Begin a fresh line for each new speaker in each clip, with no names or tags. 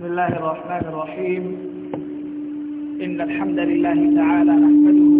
بسم الله الرحمن الرحيم إن الحمد لله تعالى نحمده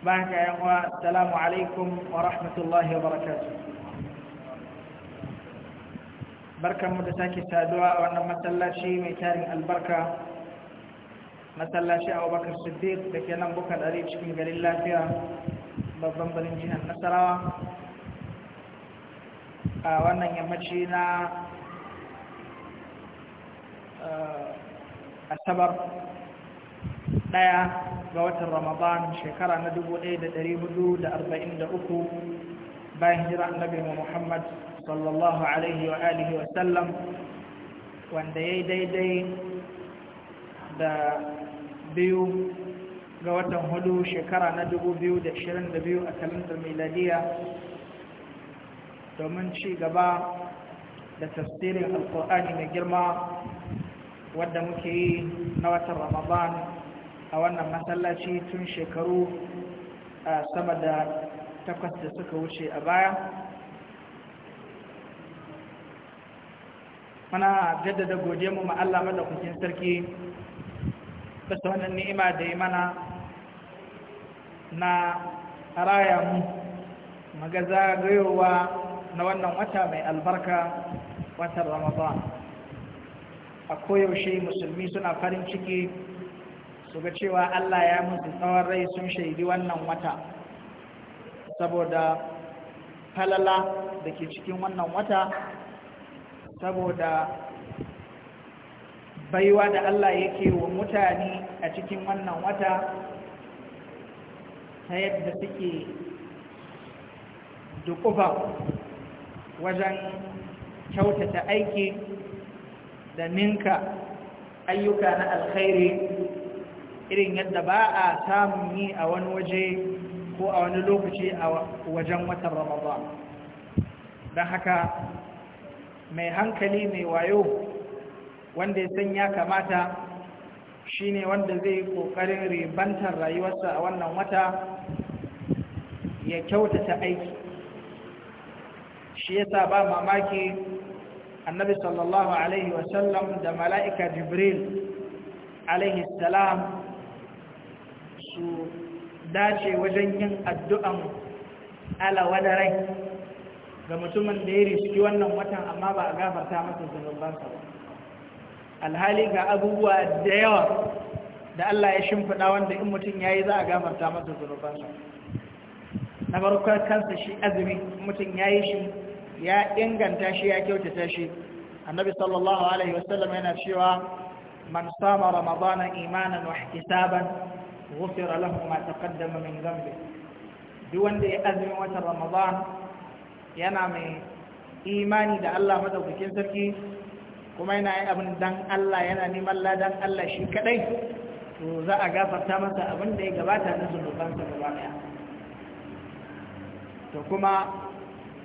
bayan ka salamu alaikum wa rahmatullahi wa barakatuh barkanmu da sake saduwa a wannan masallaci mai tarin albarka masallaci abubakar siddiq da ke nan buka ɗari cikin garin lafiya babban birnin jihar nasarawa a wannan yammaci na eh, asabar ɗaya ga watan ramadan shekara na 1443 bayan hijira annabi muhammad sallallahu alaihi wa alihi wa sallam wanda ya yi daidai da biyu ga watan hudu shekara na 2022 a kalandar miladiya domin ci gaba da tafsirin alkur'ani mai girma wadda muke yi na watan ramadan a wannan masallaci tun shekaru sama da takwas da suka wuce a baya mana jaddada gode mu Allah madaukakin sarki bisa wannan ni'ima da yi mana na raya mu maga gayowa na wannan wata mai albarka watan ramadan a koyaushe musulmi suna farin ciki su ga cewa Allah ya mutu tsawon rai sun shaidi wannan wata saboda falala da ke cikin wannan wata saboda baiwa da Allah yake wa mutane a cikin wannan wata ta yadda suke dukufa wajen kyautata aiki da ninka ayyuka na alkhairi irin yadda ba a samun yi a wani waje ko a wani lokaci a wajen watan ramadan don haka mai hankali mai wayo wanda ya san ya kamata shine wanda zai kokarin ribantar rayuwarsa a wannan wata ya kyautata aiki shi yasa ba mamaki annabi sallallahu alaihi wasallam da mala'ika jibril alaihi salam dace wajen yin addu'an alawada rai ga mutumin da ya riski wannan watan amma ba a gafarta masa zunubansa ba alhali ga abubuwa da yawa da Allah ya shimfiɗa wanda in mutum ya yi za a gafarta masa zunubansa na farkon kansa shi azumi mutum ya yi shi ya inganta shi ya kyautata shi annabi sallallahu alaihi wasallam yana cewa man sama ramadana imanan wa ihtisaban غفر له ما تقدم من ذنبه duk wanda ya azumin watan ramadan yana mai imani da Allah madaukakin sarki kuma yana yi abin dan Allah yana neman ladan Allah shi kadai to za a gafarta masa abin da ya gabata na zunubansa gaba daya to kuma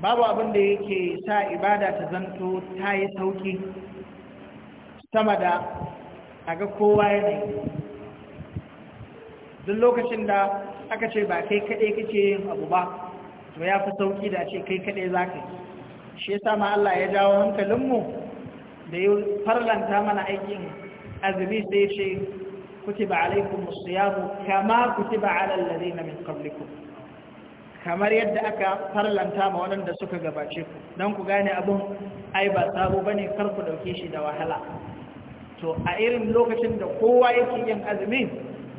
babu abin da yake sa ibada ta zanto ta yi sauki sama da a kowa yanayi duk lokacin da aka ce ba kai kaɗai kake yin abu ba to ya fi sauki da ce kai kaɗai za ka yi shi yasa ma Allah ya jawo hankalinmu da ya farlanta mana aikin azumi sai ya ce kutiba alaikum musiyamu kama kutiba alallari na min kabliku kamar yadda aka farlanta ma waɗanda suka gabace ku don ku gane abun ai ba sabo bane kar ku ɗauke shi da wahala to a irin lokacin da kowa yake yin azumi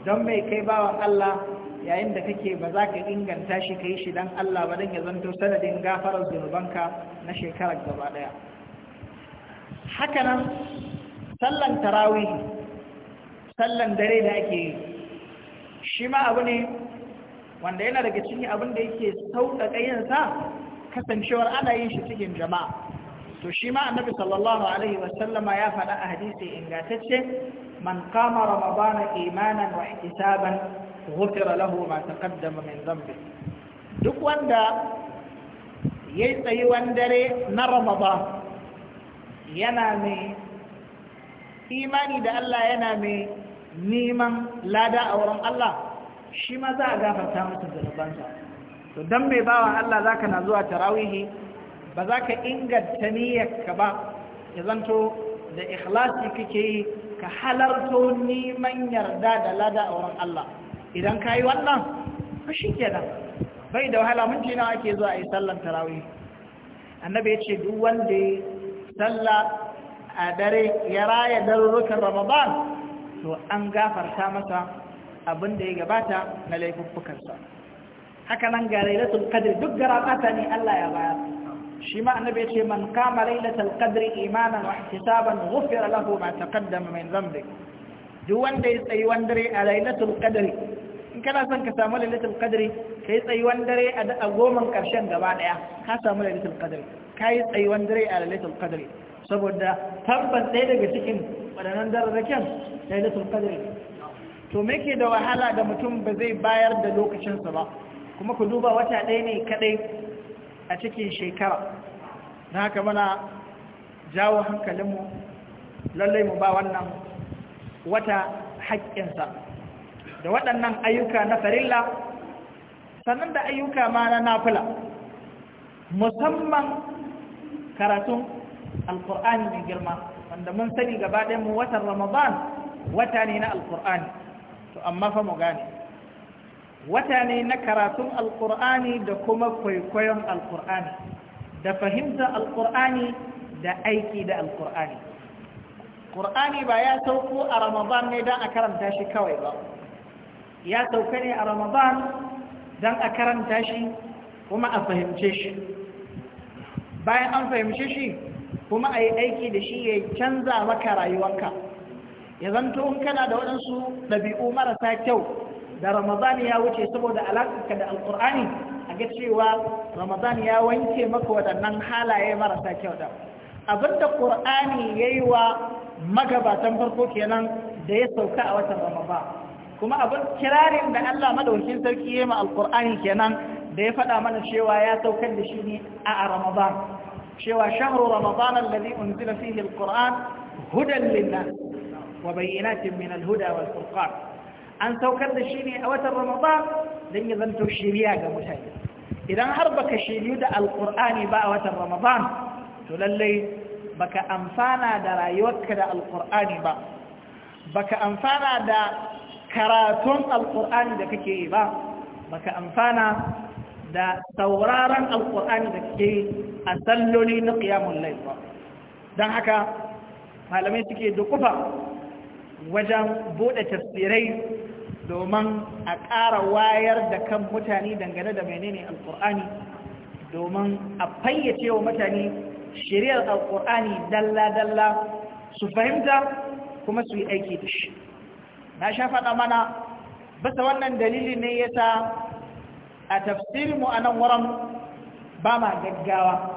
don mai kai bawan Allah yayin da kake ba za ka inganta shi ka yi shi don Allah ba don ya zanto sanadin gafarar zunubanka na shekarar gaba ɗaya hakanan sallan tarawi sallan dare da ake yi shi ma abu ne wanda yana daga cikin abin da yake sauƙaƙa sa kasancewar ana yin shi cikin jama'a to shi ma annabi sallallahu alaihi wa sallama ya faɗa a hadisi ingantacce man qama ramadana imanan wa ihtisaban ghufira lahu ma taqaddama min dhanbi duk wanda yayi tsayuwan dare na ramadan yana mai imani da Allah yana mai neman lada a wurin Allah shi ma za a gafarta masa zunubansa to dan mai bawa Allah zaka na zuwa tarawihi ba za ka inganta niyyarka ba ya zanto da ikhlasi kake yi ka halarto neman yarda da lada a wurin Allah idan ka yi wannan ba shi kenan bai da wahala mun jina ake zuwa a yi sallan tarawih annabi ya ce duk wanda ya salla a dare ya raya darurrukan ramadan to an gafarta masa abin da ya gabata na laifuffukansa haka nan ga lailatul qadr duk garabata ne Allah ya bayar shi ma annabi ya ce man kama lailatul qadri imanan wa ihtisaban ghufira lahu ma taqaddama min dhanbi duk wanda ya tsayi dare a lailatul qadri in kana son ka samu lailatul qadri kai tsayi dare a goman karshen gaba daya ka samu lailatul qadri kai tsayi dare a lailatul qadri saboda tabbas ɗaya daga cikin waɗannan dararraken lailatul qadri to me ke da wahala da mutum ba zai bayar da lokacinsa ba kuma ku duba wata ɗaya ne kaɗai a cikin shekara na haka mana jawo hankalinmu lallai mu ba wannan wata haƙƙinsa da waɗannan ayyuka na farilla sannan da ayyuka ma na nafula musamman karatun Alƙur'ani mai girma wanda mun sani gaba mu watan ramadan wata ne na Alƙur'ani. to amma fa mu gane wata ne na karatun alkur'ani da kuma kwaikwayon alkur'ani da fahimtar alkur'ani da aiki da alkur'ani ƙur'ani ba ya sauko a ramadan ne don a karanta shi kawai ba ya sauka ne a ramadan don a karanta shi kuma a fahimce shi bayan an fahimce shi kuma a yi aiki da shi ya canza maka rayuwanka ya zanto in kana da waɗansu ɗabi'u marasa kyau da ramadan ya wuce saboda alaƙarka da alƙur'ani a ga cewa ramadan ya wanke maka waɗannan halaye marasa kyau da da ƙur'ani ya yi wa magabatan farko kenan da ya sauka a watan ramadan kuma abin kirarin da allah madaukin sarki ya yi ma alƙur'ani kenan da ya faɗa mana cewa ya saukar da shi ne a ramadan cewa shahru ramadan alladhi unzila fihi alquran hudan lin-nas wa bayyinatin min al-huda wal-furqan an saukar da shi ne a watan ramadan don ya zanto shiriya ga mutane idan har baka shiryu da alkur'ani ba a watan ramadan to lallai baka amfana da rayuwarka da alkur'ani ba baka amfana da karatun alkur'ani da kake yi ba baka amfana da sauraron alkur'ani da kake yi a salloli na ƙiyamun laifa don haka malamai suke dukufa wajen bude tafsirai domin a ƙara wayar da kan mutane dangane da menene alƙur'ani domin a fayyace wa mutane shiryar alƙur'ani dalla-dalla su fahimta kuma su yi aiki da shi na sha faɗa mana basa wannan dalili ne ya sa a mu a nan wurin ba ma gaggawa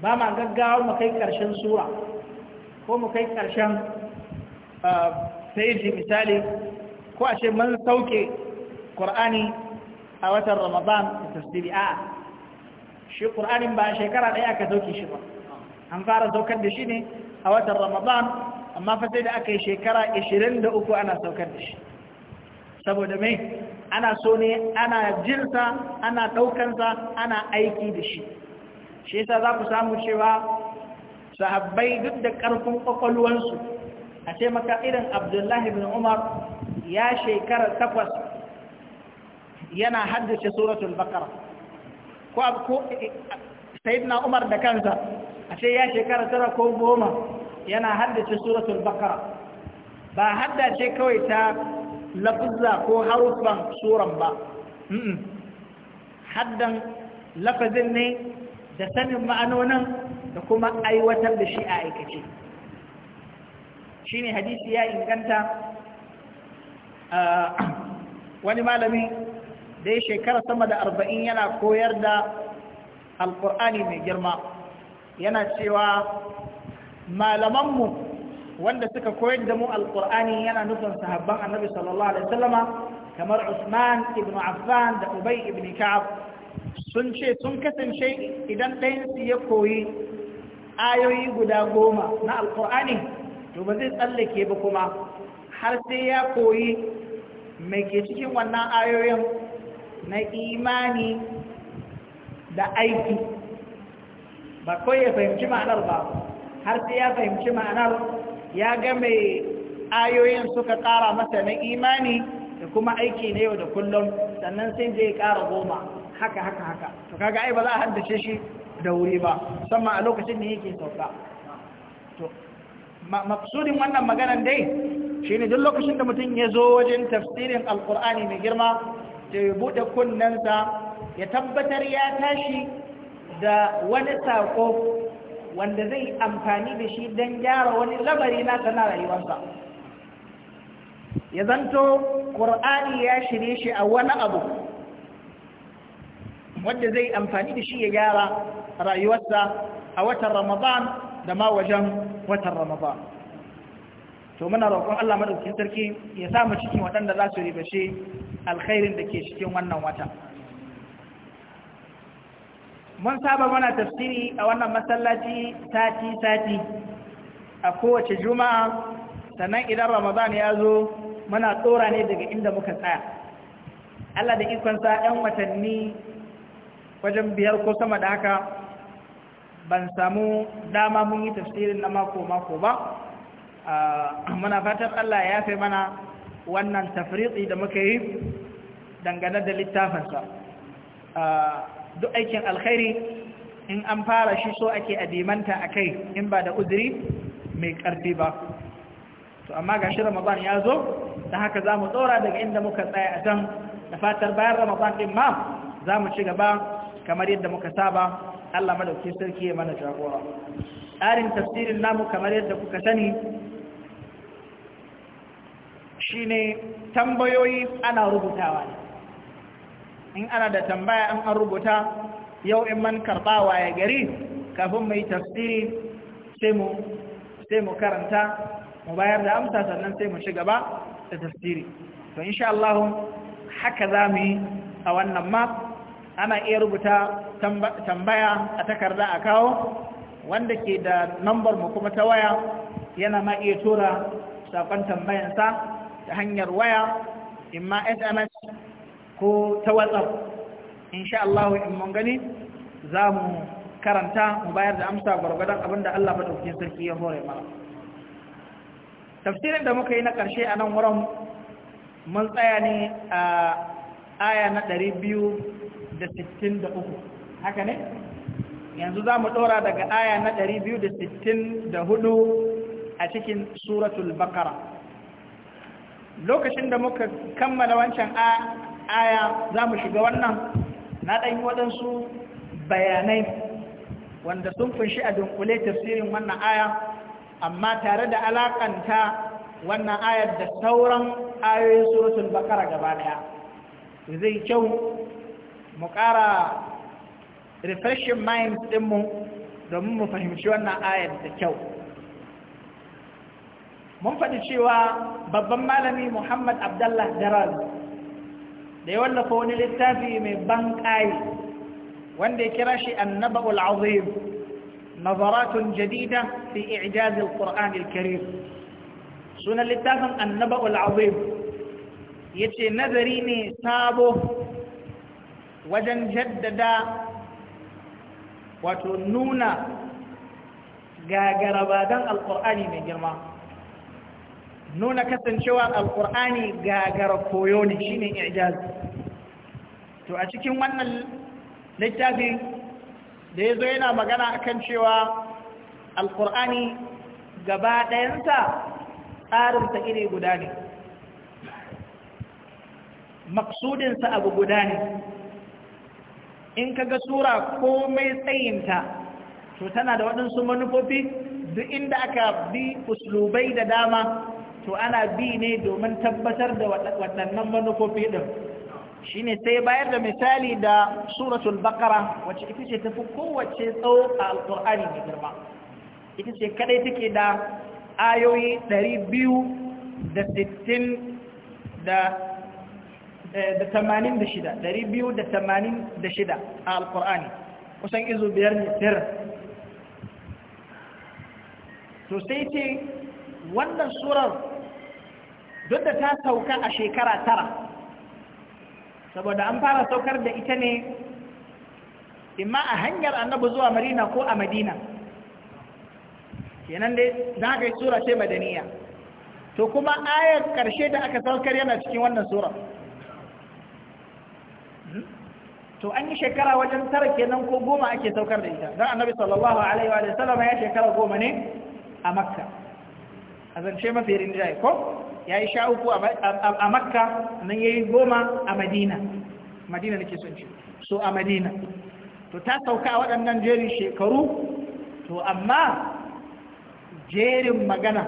ba ma gaggawa mu kai ƙarshen sura ko mu kai ƙarshen sai shi misali ko a ce man sauke ƙur'ani a watan ramadan da tasiri a shi ƙur'anin ba shekara ɗaya aka sauke shi ba an fara saukar da shi ne a watan ramadan amma fa sai da aka yi shekara 23 ana saukar da shi saboda mai ana so ne ana jinsa ana ɗaukansa ana aiki da shi shi yasa za ku samu cewa sahabbai duk da ƙarfin ƙwaƙwalwansu a ce maka irin abdullahi bin umar ya shekara takwas yana haddace suratul bakara ko eh, eh, sayidina umar da kansa a ce ya shekara tara ko goma yana haddace suratul bakara ba haddace kawai ta lafuzza ko haruffan suran ba haddan lafazin ne da sanin ma'anonin da kuma aiwatar da shi a aikace shine hadisi ya inganta wani malami da ya shekara sama da arba'in yana koyar da alkur'ani mai girma yana cewa malamanmu wanda suka koyar da mu alkur'ani yana nufin sahabban annabi sallallahu alaihi wasallama kamar usman ibn affan da ubay ibn ka'ab sun ce sun kasance idan ɗayansu ya koyi ayoyi guda goma na alkur'ani to ba zai tsallake ba kuma har sai ya koyi mai ke cikin wannan ayoyin na imani da aiki ba kawai ya fahimci ma'anar ba har sai ya fahimci ma'anar ya ga mai ayoyin suka ƙara masa na imani da kuma aiki na yau da kullum sannan sai zai kara goma haka haka haka to kaga ai ba za a haddace shi da wuri ba musamman a lokacin da yake sauka to maksudin wannan maganan dai shi ne duk lokacin da mutum ya zo wajen tafsirin alkur'ani mai girma da ya buɗe kunnensa ya tabbatar ya tashi da wani saƙo wanda zai amfani da shi don gyara wani labari na na rayuwarsa ya zanto ƙur'ani ya shirye shi a wani abu wanda zai amfani da shi ya gyara rayuwarsa a watan ramadan da ma wajen watan ramadan to muna roƙon Allah madaukakin sarki ya sa mu cikin waɗanda za su ribace alkhairin da ke cikin wannan wata mun saba mana tafsiri a wannan masallaci sati sati a kowace juma'a sannan idan ramadan ya zo muna tsora ne daga inda muka tsaya Allah da ikonsa 'yan watanni wajen biyar ko sama da haka ban samu dama mun yi tafsirin na mako-mako ba muna fatan Allah ya fi mana wannan tafriƙi da muka yi dangane da littafinsa duk aikin alkhairi in an fara shi so ake adimanta a kai in ba da uzuri mai ƙarfi ba to amma ga shi ramadan ya zo ta haka za mu tsora daga inda muka tsaya a can da fatar bayan ramadan ɗin ma za mu ci gaba kamar yadda muka saba Allah madauki sarki ya mana jagora tsarin tafsirin namu kamar yadda kuka sani shine tambayoyi ana rubutawa in ana da tambaya an an rubuta yau in man karbawa ya gari kafin mai tafsiri sai mu karanta mu bayar da amsa sannan sai mu ci gaba da tafsiri to insha Allah haka zamu yi a wannan mako ana iya rubuta tambaya a takarda a kawo wanda ke da nambar mu kuma ta waya yana ma iya tura sakon tambayansa ta hanyar waya in ma sms ko ta whatsapp insha Allah in mun gani za mu karanta mu bayar da amsa gwargwadon abinda Allah madaukakin sarki ya hore mana tafsirin da muka yi na karshe a nan wurin mun tsaya ne a aya na ɗari biyu da sittin da uku haka ne yanzu za mu ɗora daga aya na ɗari biyu da sittin da hudu a cikin suratul bakara lokacin da muka kammala wancan aya za mu shiga wannan na ɗan yi waɗansu bayanai wanda sun kunshi a dunkule tafsirin wannan aya amma tare da alaƙanta wannan ayar da sauran ayoyin suratul bakara gaba ɗaya zai kyau mu ƙara refreshing mind ɗinmu domin mu fahimci wannan ayar da kyau mun faɗi cewa babban malami muhammad abdullah daraz da ya wallafa wani littafi mai ban ƙayi wanda ya kira shi annaba'ul azim nazaratun jadida fi i'jazil qur'an al-karim sunan littafin annaba'ul azim yace nazari ne sabo wajen jaddada wato nuna gagarabadan alkur'ani mai girma nuna kasancewa alkur'ani gagara koyo ne shine ijaz to a cikin wannan littafi da ya zo yana magana akan cewa alkur'ani gaba ɗayansa tsarinsa iri guda ne maksudinsa abu guda ne in ka ga sura komai tsayinta to tana da waɗansu manufofi duk inda aka bi uslubai da dama to ana bi ne domin tabbatar da waɗannan manufofi ɗin shi ne sai bayar da misali da suratul bakara wacce ita ce tafi kowace tsawo a alƙur'ani mai girma ita ce kadai take da ayoyi ɗari biyu da sittin da Eh, da shida a alkur'ani kusan izu biyar ne to sai ce wannan surar duk da ta sauka a shekara tara saboda an fara saukar da ita ne imma a hanyar annabi zuwa marina ko a madina kenan dai za ka yi sura ce madaniya to kuma ayar ƙarshe da aka saukar yana cikin wannan surar to an yi shekara wajen tara kenan ko goma ake saukar da ita don annabi sallallahu alaihi wa sallam ya shekara goma ne a makka a zance mafi rinjaye ko ya yi sha uku a makka nan ya yi goma a madina madina da ke son ce so a madina to ta sauka a waɗannan jerin shekaru to amma jerin magana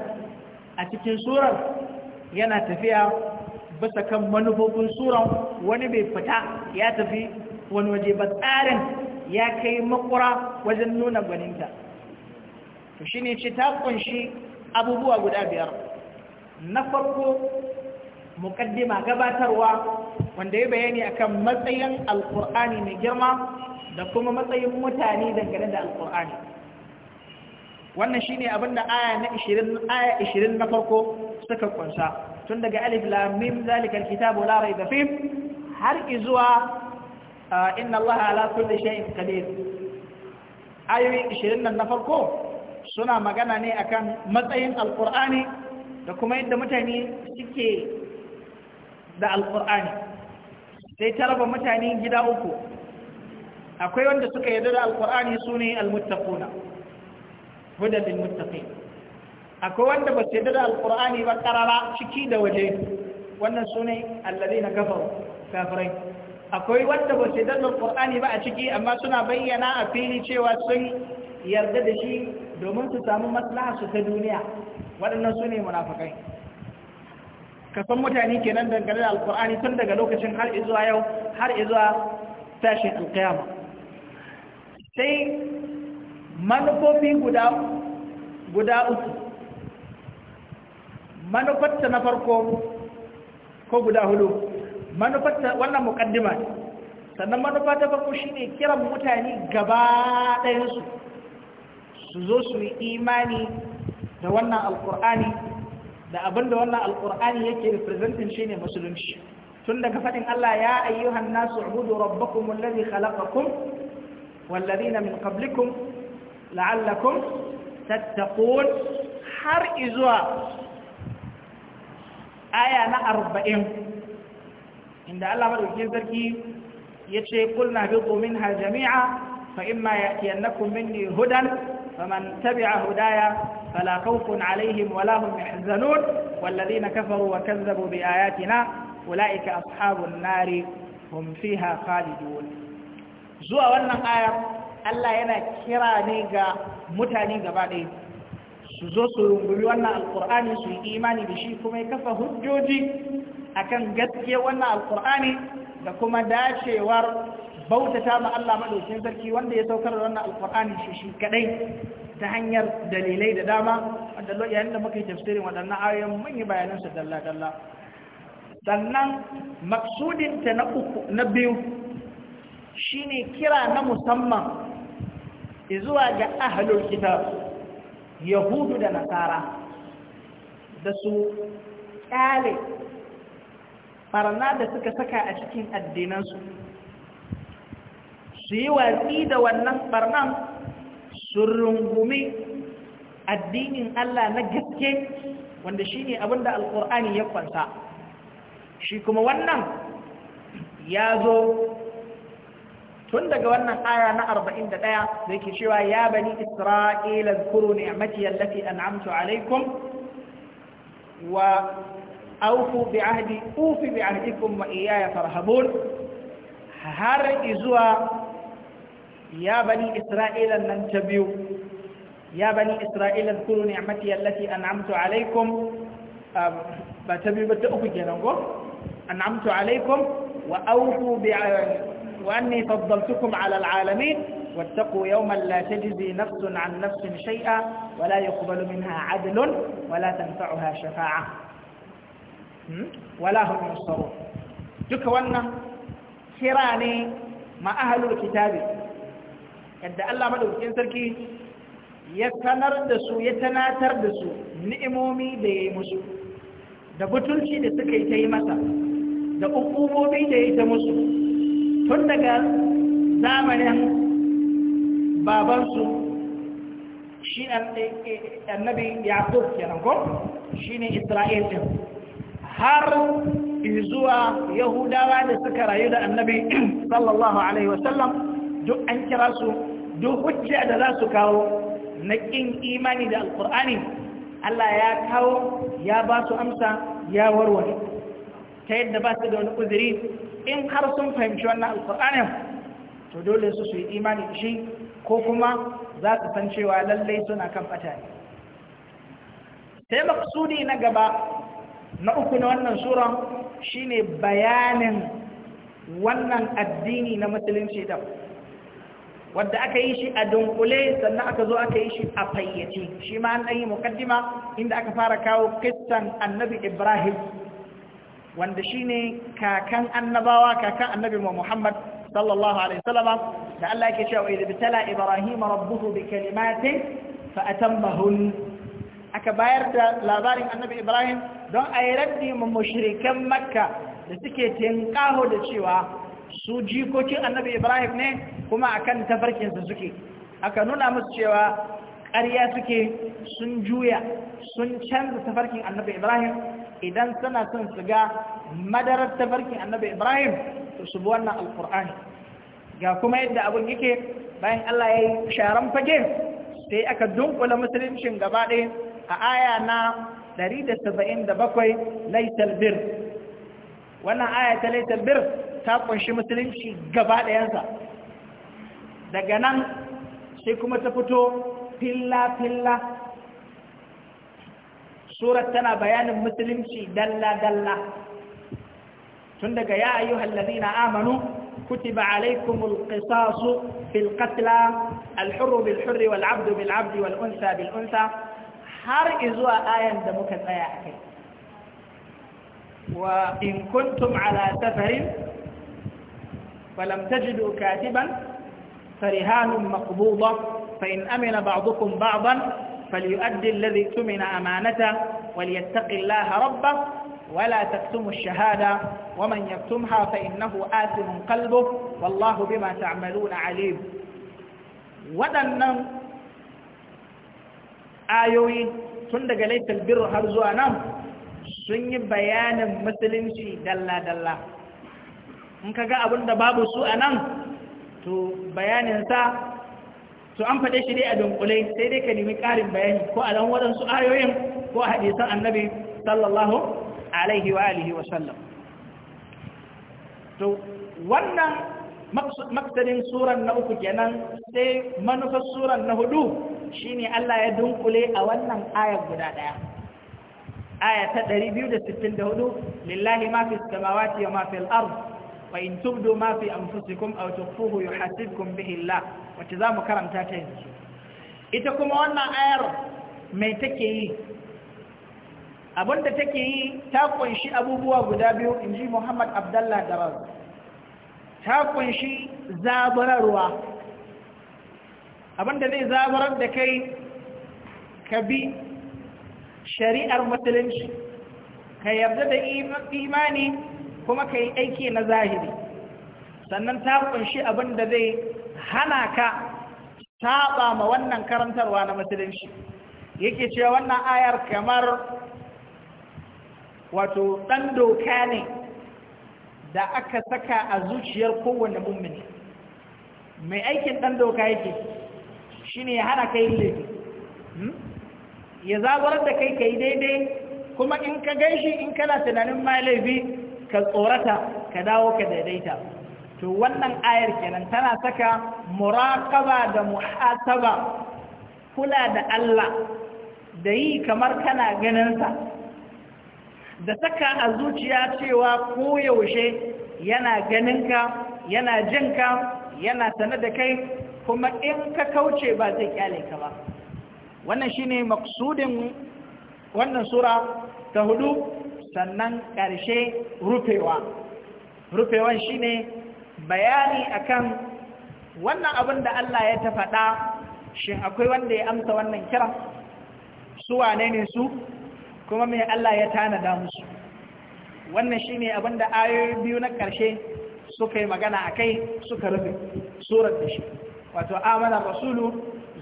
a cikin surar yana tafiya bisa kan manufofin suran wani bai fita ya tafi wani waje ba tsarin ya kai makura wajen nuna gwaninta to ne ce ta kunshi abubuwa guda biyar na farko mukaddima gabatarwa wanda ya bayani akan matsayin alkur'ani mai girma da kuma matsayin mutane dangane da alkur'ani wannan shine abin da aya na 20 na farko suka kunsa tun daga alif lam mim kitabu Larai da fim har izuwa inna Allah ala kulli shay'in qadir ayoyi 20 nan na farko suna magana ne akan matsayin alqur'ani da kuma yadda mutane suke da alqur'ani sai ta raba mutane gida uku akwai wanda suka yarda da alqur'ani sune almuttaquna hudan lilmuttaqin akwai wanda ba su yarda da alqur'ani ba karara ciki da waje wannan sune alladhina kafaru kafirai akwai wanda ba su dalla qur'ani ba a ciki amma suna bayyana a fili cewa sun yarda da shi domin su samu maslaha su ta duniya waɗannan su ne munafikai kasan mutane kenan dangane da alqur'ani tun daga lokacin har izuwa yau har izuwa tashin alqiyama sai manufofi guda guda uku manufarta na farko ko guda hudu manufar wannan mukaddima ne sannan manufa ta farko shine kiran mutane gaba suzo su zo su yi imani da wannan alkur'ani da abinda wannan alkur'ani yake representing musulunci tun daga faɗin Allah ya ayyuhan nasu ubudu rabbakum allazi khalaqakum wallazina min qablikum la'allakum tattaqun har izuwa aya na arba'in. inda Allah madaukakin sarki yace kulna bidu minha jami'a fa imma ya'tiyannakum minni hudan faman tabi'a hudaya fala khawfun alaihim wala hum yahzanun walladhina kafaru wa kazzabu biayatina ulaika ashabun nari hum fiha khalidun zuwa wannan aya Allah yana kira ne ga mutane gaba ɗaya su zo su rungumi wannan alkur'ani su yi imani da shi kuma ya kafa hujjoji akan gaske wannan alkur'ani da kuma dacewar bautata ma Allah madaukin sarki wanda ya saukar da wannan alkur'ani shi shi kadai ta hanyar dalilai da dama wanda yayin da muka yi tafsirin waɗannan ayoyin mun yi bayanan su dalla dalla sannan maksudin ta na uku na biyu shine kira na musamman zuwa ga ahlul kitab yahudu da nasara da su kyale farna da suka saka a cikin addinansu su yi watsi da wannan barnan su rungumi addinin Allah na gaske wanda shi ne abinda alkur'ani ya kwanta shi kuma wannan ya zo tun daga wannan aya na 41 da yake cewa ya bani isra'ila zkuru ni'mati allati an'amtu alaikum wa أوفوا بعهدي أوفي بعهدكم وإياي فارهبون هار إزوا يا بني إسرائيل ننتبه يا بني إسرائيل اذكروا نعمتي التي أنعمت عليكم بتبيو بتأوفي جنوكو أنعمت عليكم وأوفوا وأني فضلتكم على العالمين واتقوا يوما لا تجزي نفس عن نفس شيئا ولا يقبل منها عدل ولا تنفعها شفاعه Hmm? wala hum yusarun duka wannan kira ne ma ahlul kitabi yadda Allah madaukakin sarki ya sanar da su ya tanatar da su ni'imomi da yayi musu da butulci da suka yi ta yi masa da hukumomi da yayi ta musu tun daga zamanin babansu shi eh, eh, annabi yaqub kenan ko shine isra'il din har zuwa yahudawa da suka rayu da annabi sallallahu alaihi wasallam duk an kira su duk hujja da za su kawo na ƙin imani da alƙur'ani Allah ya kawo ya ba su amsa ya warware ta yadda ba su da wani uzuri in har sun fahimci wannan alƙur'anin to dole su su yi imani shi ko kuma za su san cewa lallai suna kan fata ne sai maksudi na gaba na uku na wannan suran shine bayanin wannan addini na musulunci da wadda aka yi shi a dunkule sannan aka zo aka yi shi a fayyace shi ma an yi mukaddima inda aka fara kawo kistan annabi ibrahim wanda shine kakan annabawa kakan annabi muhammad sallallahu alaihi salama da Allah yake cewa idza bitala ibrahim rabbuhu bi kalimatin fa atammahun aka bayar da labarin annabi ibrahim don a yi raddi ma mashirikan makka da suke tinkaho da cewa su jikokin annabi ibrahim ne kuma akan tafarkinsa suke aka nuna musu cewa ƙarya suke sun juya sun canza tafarkin annabi ibrahim idan suna son su ga madarar tafarkin annabi ibrahim to su bi wannan alkur'ani ga kuma yadda abin yake bayan allah ya yi sharan fage sai aka dunkula musuluncin gaba ɗaya a aya na da bakwai laisal bir wannan aya ta laisal bir ta kunshi musulunci gaba ɗayansa daga nan sai kuma ta fito filla-filla surat tana bayanin musulunci dalla-dalla tun daga ya ayyu hallazi na amanu كتب عليكم القصاص في القتلى الحر بالحر والعبد بالعبد والأنثى بالأنثى har izuwa ayan da muka tsaya a kai wa in kuntum ala safarin falam tajidu katiban farihanun maqbuda fa in amina ba'dukum ba'dan falyu'addi alladhi tumina amanata walyattaqi allaha rabba ولا تكتموا الشهادة ومن يكتمها فإنه آثم قلبه والله بما تعملون عليم ودنا ayoyi tun daga laifin birnin har zuwa nan sun yi bayanin musulunci dalla-dalla in ka ga abin da babu su a nan to bayaninsa to an faɗe shi dai a dunkule sai dai ka nemi ƙarin bayani ko a dan waɗansu ayoyin ko a hadisan annabi sallallahu alaihi wa alihi wa sallam to wannan maksadin suran na uku kenan sai manufar suran na hudu shine Allah ya dunkule a wannan ayar guda daya aya ta 264 lillahi ma fi samawati wa ma fi al-ard wa in tubdu ma fi anfusikum aw tukhfuhu yuhasibkum bihi Allah wacce zamu karanta ta yanzu ita kuma wannan ayar mai take yi abinda take yi ta kunshi abubuwa guda biyu inji Muhammad Abdullah Daraz ta kunshi zabararwa abinda zai zabarar da kai ka bi shari'ar musulunci ka yarda da imani kuma ka yi aiki na zahiri sannan ta kunshi abinda zai hana ka saba ma wannan karantarwa na musulunci yake cewa wannan ayar kamar wato ɗan doka ne da aka saka a zuciyar kowane mummuni mai aikin ɗan doka yake shi ne ya hana kai laifi hmm? ya zagorar da kai ka yi daidai kuma in ka shi in kana tunanin ma laifi ka tsorata ka dawo ka daidaita to wannan ayar kenan tana saka muraqaba da muhasaba kula da Allah da yi kamar kana ganin sa. da saka a zuciya cewa koyaushe yana ganinka yana jinka yana sane da kai kuma in ka kauce ba zai kyale ka ba wannan shine maksudin wannan sura ta hudu sannan karshe rufewa rufewan shine bayani akan wannan abin da Allah ya ta faɗa shin akwai wanda ya amsa wannan kira su wane ne su kuma mai Allah ya tanada musu wannan shine abin da ayoyi biyu na ƙarshe suka yi magana a kai suka rufe surar da shi wato amana rasulu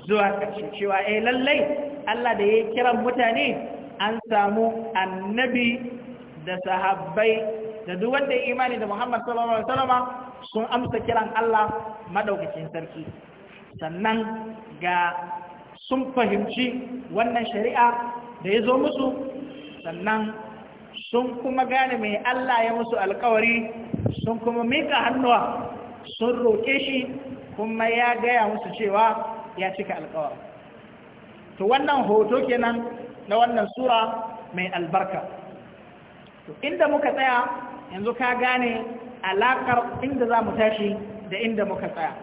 zuwa ƙarshe cewa eh lallai Allah da ya kiran mutane an samu annabi da sahabbai da duk wanda ya imani da Muhammad sallallahu alaihi wasallama sun amsa kiran Allah madaukakin sarki sannan ga sun fahimci wannan shari'a da ya zo musu sannan sun kuma gane mai Allah ya musu alkawari sun kuma mika hannuwa sun roƙe shi kuma ya gaya musu cewa ya cika alkawar to wannan hoto kenan na wannan sura mai albarka to inda muka tsaya yanzu ka gane alakar inda za mu tashi da inda muka tsaya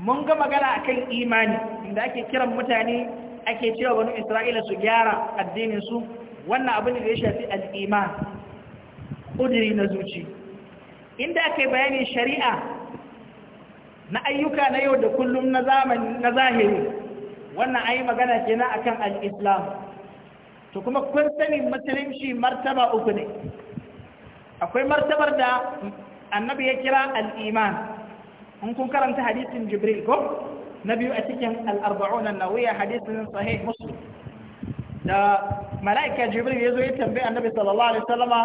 mun ga magana akan imani inda ake kiran mutane ake cewa wani isra'ila su gyara addininsu wannan abin da ya shafi al'iman ƙudiri na zuci inda aka yi bayanin shari'a na ayyuka na yau da kullum na zahiri wannan ayi magana kenan akan al'islam to kuma kun sani musulunci martaba uku ne akwai martabar da annabi ya kira al'iman in kun karanta hadisin jibril ko na biyu a cikin al-arba'un an-nawawiya hadisin sahih muslim da mala'ika jibril yazo ya tambaye annabi sallallahu alaihi wasallama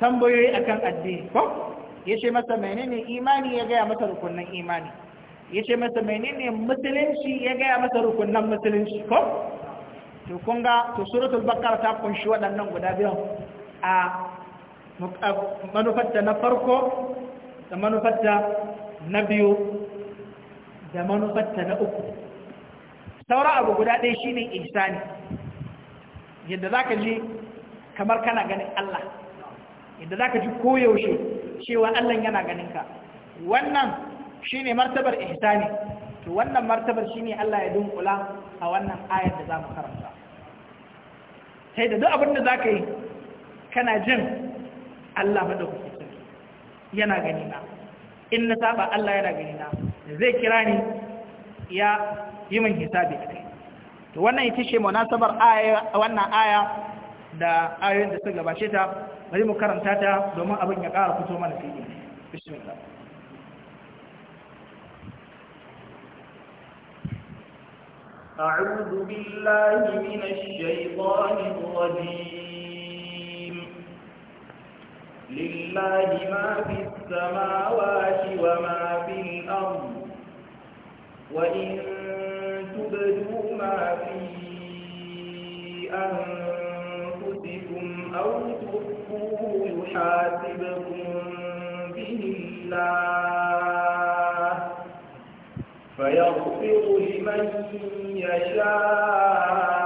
tambayoyi akan addini ko yace masa menene imani ya gaya masa rukunan imani Ya yace masa menene musulunci ya gaya masa rukunan musulunci ko to kun to suratul baqara ta kunshi waɗannan guda biyu a manufarta na farko da manufarta na biyu da manufarta na uku saura abu guda ɗaya shine ihsani yadda za ka je kamar kana ganin Allah yadda za ka ji koyaushe cewa Allah yana ganinka wannan shine martabar ihsani to wannan martabar shi ne Allah ya dunkula a wannan ayar da za mu karanta sai da duk abin da za ka yi kana jin Allah maɗaukaki yana gani na in na saba Allah yana gani na zai kira ni ya yi min hisabi a kai to wannan ita ce munasabar wannan aya da ayoyin da suka gabace ta bari mu karanta ta domin abin ya kara fito mana fiye bismillah أعوذ بالله من الشيطان الرجيم لله ما في السماوات وما في الأرض وإن تبدوا ما في أنفسكم أو تخفوه يحاسبكم به الله
فيغفر
لمن يشاء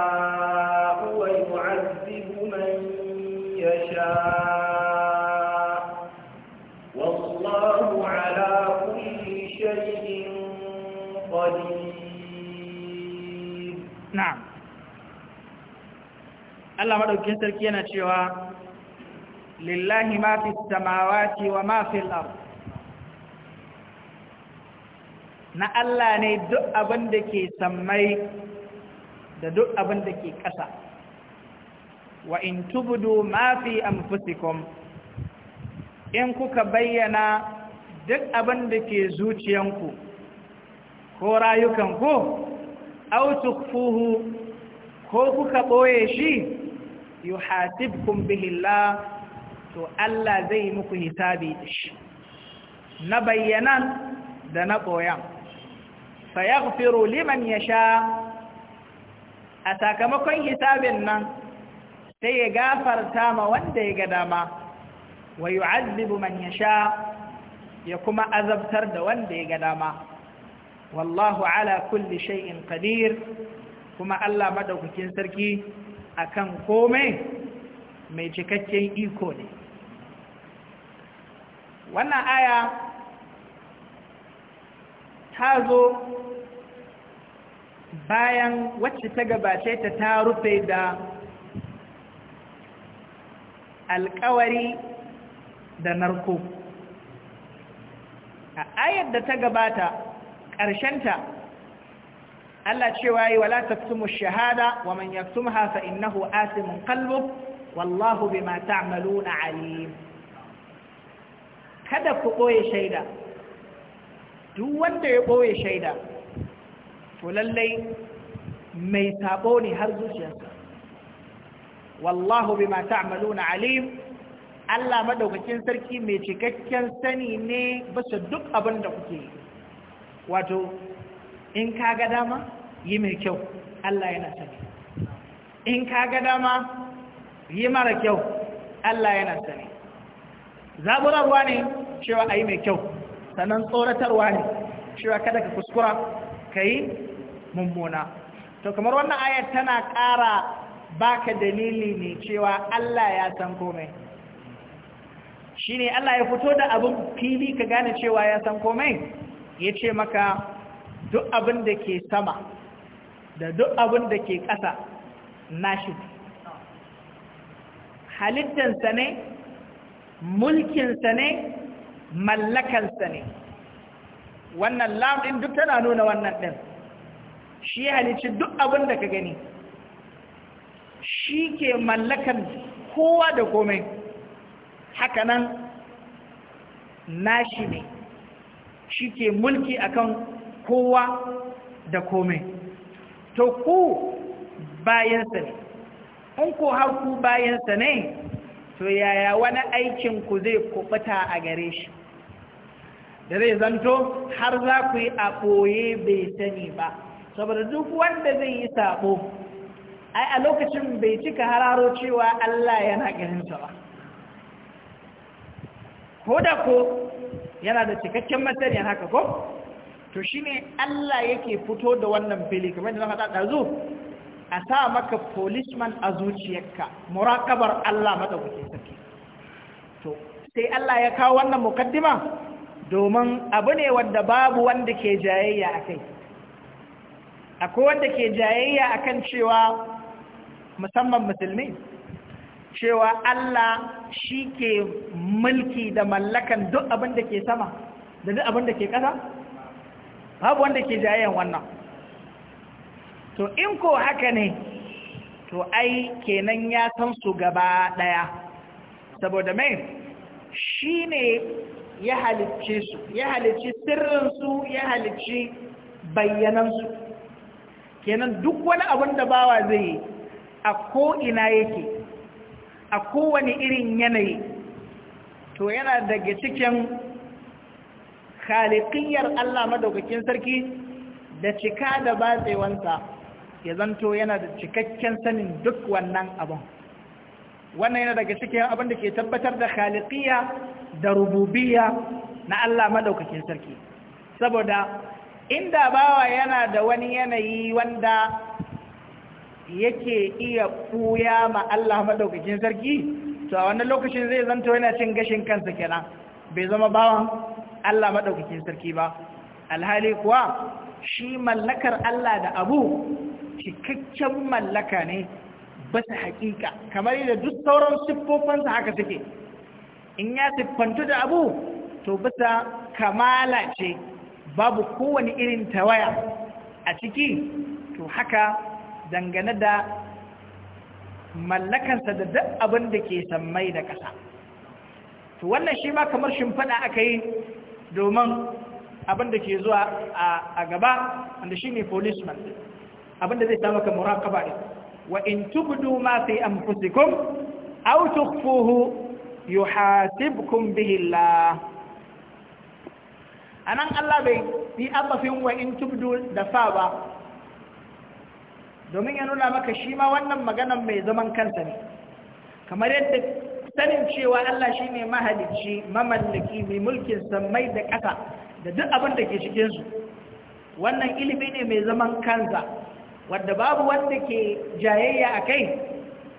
Allah madaukakin sarki yana cewa lillahi ma fi samawati wa ma fi al-ard na Allah ne duk abin da ke sammai da duk abin da ke ƙasa wa in tubdu ma fi anfusikum in kuka bayyana duk abin da ke zuciyanku ko rayukanku aw tukfuhu ko kuka ɓoye shi yuhasibkum bihi Allah to Allah zai muku hisabi shi na bayyanan da na koyan fayaghfiru liman yasha a sakamakon hisabin nan sai ya gafarta ma wanda ya ga dama wa yu'adhibu man yasha ya kuma azabtar da wanda ya ga dama wallahu ala kulli shay'in qadir kuma Allah madaukakin sarki akan komai mai cikakken iko ne wannan aya ta zo bayan wacce ta gabace ta ta rufe da alkawari da narko a ayar da ta gabata ƙarshenta Allah cewa yi wala mu shahada wa man yaktumha fa innahu asimun qalbu wallahu bima ta'maluna alim kada ku ɓoye shaida duk wanda ya ɓoye shaida to mai sabo ne har zuciyarsa wallahu bima ta'maluna alim Allah madaukakin sarki mai cikakken sani ne bisa duk abin da kuke wato in ka ga dama yi mai kyau Allah yana sani in ka ga dama yi mara kyau Allah yana sani zaburarwa ne cewa a yi mai kyau sannan tsoratarwa ne cewa kada ka kuskura ka yi mummuna to kamar wannan ayat tana ƙara baka dalili ne cewa Allah ya san komai shi ne Allah ya fito da abin fili ka gane cewa ya san komai ya ce maka duk abin da ke sama da duk abin da ke ƙasa nashi halittansa ne mulkinsa ne mallakansa ne wannan lamɗin duk tana nuna wannan ɗin shi halicci duk abin da ka gani shi ke mallakan kowa da komai hakanan nashi ne shi ke mulki akan kowa da komai to ku bayansa ne in ko har ku bayansa ne to yaya wani aikin ku zai kubuta a gare shi da zai zanto har za ku yi a ɓoye bai sani ba saboda duk wanda zai yi sabo ai a lokacin bai cika hararo cewa Allah yana ganinsa ba ko da ko yana da cikakken matsayin haka ko to shi ne Allah yake fito da wannan fili kamar da na faɗa ɗazu a sa maka policeman a zuciyarka murakabar Allah kuke sarki to sai Allah ya kawo wannan mukaddima domin abu ne wanda babu wanda ke jayayya akai akwai wanda ke jayayya akan cewa musamman musulmi cewa Allah shi ke mulki da mallakan duk abin da ke sama da duk abin da ke ƙasa babu wanda ke jayen wannan to in ko haka ne to ai kenan ya san su gaba daya saboda mai shi ne ya halicce su ya halicci sirrinsu ya halicci bayyanansu kenan duk wani abin da bawa zai a ko'ina yake a kowane irin yanayi to yana daga cikin khaliqiyar Allah madaukakin sarki da cika da batsewansa ya zanto yana da cikakken sanin duk wannan abin wannan yana daga cikin abin da ke tabbatar da khaliqiyya da rububiyya na Allah madaukakin sarki saboda inda bawa yana da wani yanayi wanda yake iya ɓuya ma Allah madaukakin sarki to a wannan lokacin zai zanto yana cin gashin kansa kenan bai zama bawan Allah maɗaukakin sarki ba alhali kuwa shi mallakar Allah da abu cikakken mallaka ne ba su haƙiƙa kamar yadda duk sauran siffofansa haka suke in ya siffantu da abu to bisa kamala ce babu kowane irin tawaya a ciki to haka dangane da mallakansa da duk abin da ke sammai da ƙasa to wannan shi ma kamar shimfiɗa aka yi domin abin da ke zuwa a gaba wanda shi ne policeman abin da zai samu ka muraqaba ne wa in tubudu ma fi anfusikum aw yi hasibkun bihi A nan Allah bai yi abafin wa in tubudu da fa ba domin ya nuna maka shi ma wannan maganan mai zaman kansa ne kamar yadda sanin cewa Allah shi ne mahalicci mamallaki mai mulkin samai da ƙasa da duk abin da ke cikinsu wannan ilimi ne mai zaman kansa wadda babu wanda ke jayayya a kai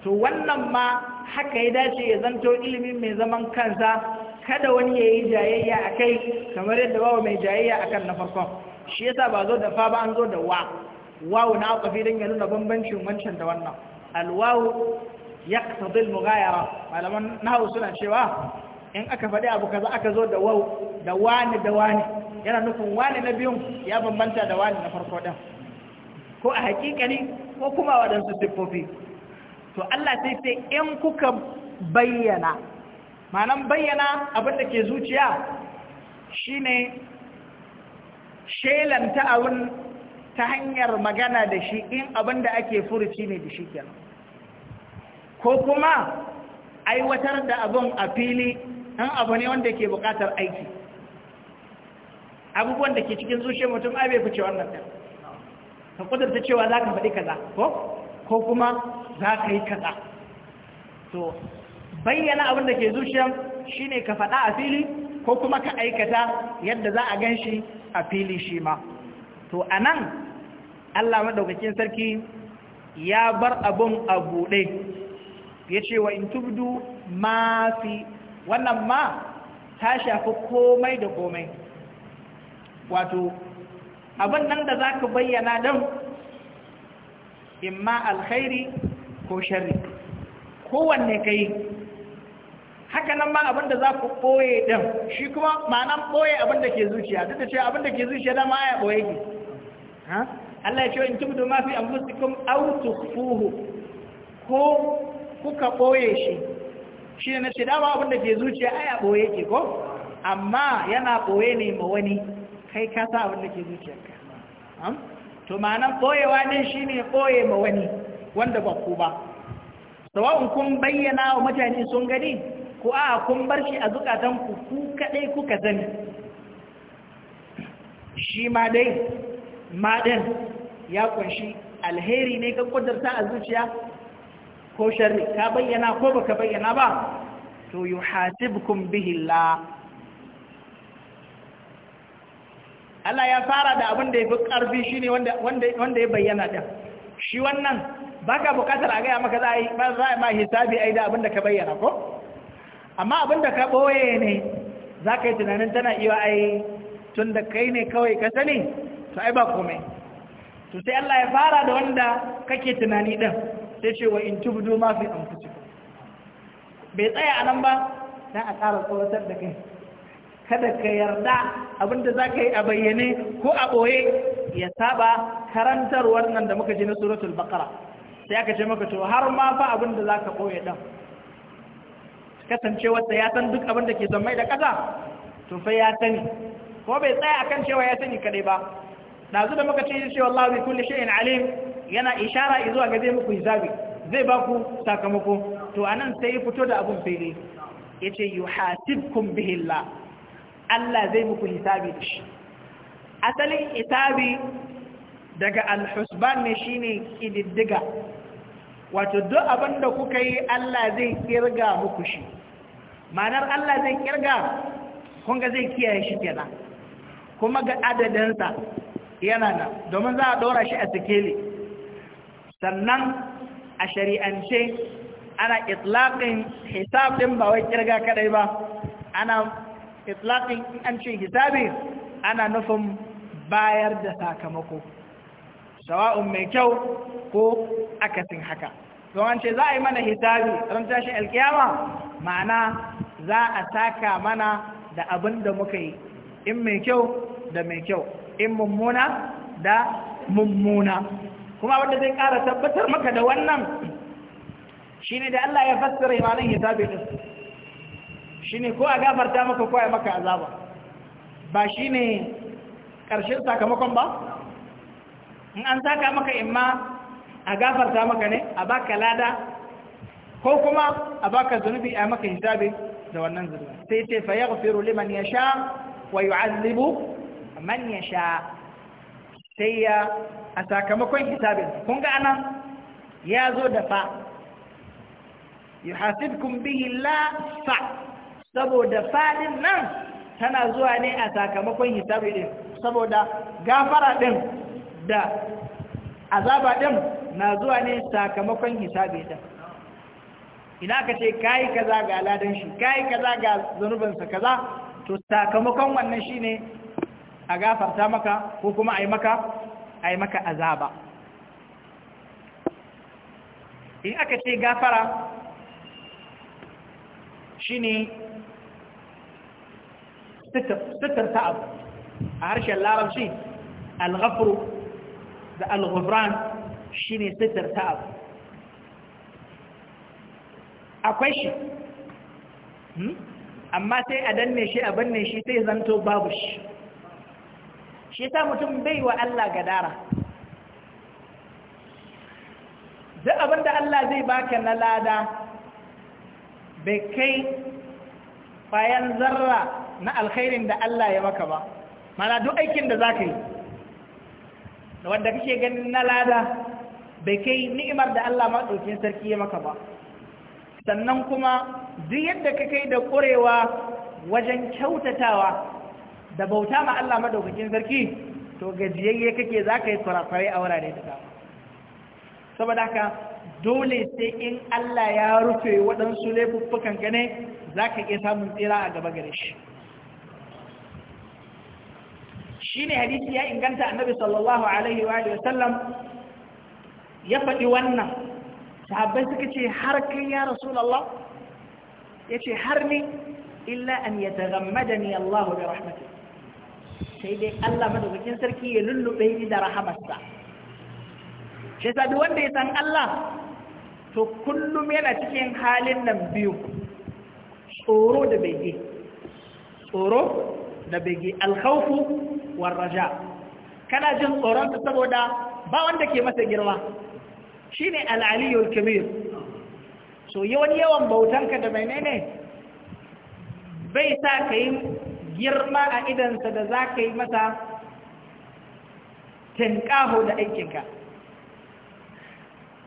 to wannan ma haka ya dace ya zanto ilimi mai zaman kansa kada wani ya yi jayayya a kai kamar yadda babu mai jayayya a kan na farkon shi ya sa ba zo da fa ba an zo da wa wawu na fi don ya nuna bambancin wancan da wannan alwawu يقتضي المغايرة فلما نهو سنة شواء إن أكفدي أبو كذا da wani دواني دواني yana nufin wani na biyun ya bambanta da wani na farko dan. ko a hakika ne ko kuma waɗansu siffofi to Allah sai sai in kuka bayyana manan bayyana abin da ke zuciya shine shelanta abin ta hanyar magana da shi in abin da ake furuci ne da shi kenan ko kuma aiwatar da abin a fili ɗan abu ne wanda ke buƙatar aiki abubuwan da ke cikin zuciya mutum a bai fice wannan ɗan ka ƙudurta cewa za ka faɗi kaza ko ko kuma za ka yi kaza to bayyana abin da ke shi ne ka faɗa a fili ko kuma ka aikata yadda za a gan shi a fili shi ma to a nan allah maɗaukakin sarki ya bar abin a buɗe ya ce wa in tubdu ma fi wannan ma ta shafi komai da komai wato abin nan da za ka bayyana don imma alkhairi ko shari kowanne ka yi haka nan ma abin da za ku ɓoye ɗin shi kuma ma'anan ɓoye abin da ke zuciya duk da ce abin da ke zuciya ma ya ɓoye ki Allah ya ce in tubdu ma fi anfusikum Autu fuhu ko kuka ɓoye shi shi na ce dama abinda ke zuciya a ya ɓoye ke ko amma yana ɓoye ne ma wani kai ka sa abinda ke ka to ma'anan ɓoyewa ne shi ne ɓoye ma wani wanda ba ku ba sawa'un kun bayyana wa mutane sun gani ko a kun bar shi a zukatanku ku kaɗai kuka zani shi ma dai maɗin ya ƙunshi. alheri ne ka kudurta a zuciya ko shari ka bayyana ko baka bayyana ba to yuhasibukum bihi la Allah ya fara da abin da ya fi ƙarfi shi ne wanda ya bayyana ɗin shi wannan ba ka bukatar a gaya maka za a yi ma hisabi a yi da abin da ka bayyana ko amma abin da ka ɓoye ne za ka yi tunanin tana iya ai tun da kai ne kawai ka sani to ai ba komai to sai Allah ya fara da wanda kake tunani ɗin sai ce wa in tubdu ma fi anfusikum bai tsaya a nan ba na a ƙara tsoratar da kai kada ka yarda abinda za ka yi a bayyane ko a ɓoye ya saba karantar wannan da muka ji na suratul bakara sai aka ce maka to har ma fa abinda za ka ɓoye ɗan kasance wata ya san duk abinda ke zammai da ƙasa to fa ya sani ko bai tsaya akan cewa ya sani kaɗai ba ɗazu da muka ce shi wallahu bi kulli shay'in alim yana ishara zuwa ga zai muku hisabi zai ba ku sakamako to anan sai ya fito da abun fili yace yuhasibkum bihi Allah Allah zai muku hisabi da shi asalin hisabi daga alhusban ne shine kididdiga wato duk abinda kuka yi Allah zai kirga muku shi ma'anar Allah zai kirga kun ga zai kiyaye shi kenan kuma ga adadinsa yana nan domin za a dora shi a sikeli sannan a shari'ance ana itlaƙin hisabin ba wai kirga kaɗai ba ana itlaƙin an hisabi ana nufin bayar da sakamako sawa'un mai kyau ko akasin haka don ce za a yi mana hisabi ran tashin alkiyama ma'ana za a saka mana da abin da muka yi in mai kyau da mai kyau in mummuna da mummuna kuma wanda zai ƙara tabbatar maka da wannan shi ne da Allah ya fassara imanin hisabi ɗin shi ne ko a gafarta maka ko a maka azaba ba shi ne ƙarshen sakamakon ba in an saka maka imma a gafarta maka ne a baka lada ko kuma a baka zunubi a maka hisabi da wannan zunubi sai ce fa yaghfiru liman yasha wa yu'adhibu man yasha sai ya a sakamakon hisabin kun ga anan ya zo da fa yuhasibkum bihi la fa saboda fadin nan tana zuwa ne a sakamakon hisabi din saboda gafara din da azaba din na zuwa ne sakamakon hisabi din ina ka ce kayi kaza ga ladan shi kayi kaza ga zanubansa kaza to sakamakon wannan shine a gafarta maka ko kuma a yi maka a yi maka azaba in aka ce gafara shi ne sitarta abu a harshen larabci ghafru da alghufran shi ne sitarta abu akwai shi hmm? amma sai a danne shi a banne shi sai zanto babu shi shi ta mutum bai wa Allah gadara duk abinda Allah zai baka na lada bai kai bayan zarra na alkhairin da Allah ya maka ba mana duk aikin da za ka yi da wanda kake ganin na lada bai kai ni'imar da Allah maɗaukin sarki ya maka ba sannan kuma duk yadda ka kai da ƙurewa wajen kyautatawa da bauta ma Allah madaukakin sarki to gajiyayye kake za yi a wurare da dama saboda haka dole sai in Allah ya rufe waɗansu laifuffukan ka ne iya samun tsira a gaba gare shi shi hadisi ya inganta annabi sallallahu alaihi wa ya faɗi wannan sahabbai suka ce har kai ya rasulallah yace har ni illa an yataghammadani Allah bi rahmatihi sai dai Allah madaukakin sarki ya lulluɓe ni da rahamarsa shi sa duk wanda ya san Allah to kullum yana cikin halin nan biyu tsoro da bege tsoro da bege alkhawfu war raja kana jin tsoron ta saboda ba wanda ke masa girma shine al-aliyul kabir so yawan yawan bautanka da menene bai sa ka yi girma a idansa da za ka yi masa tinkaho da aikinka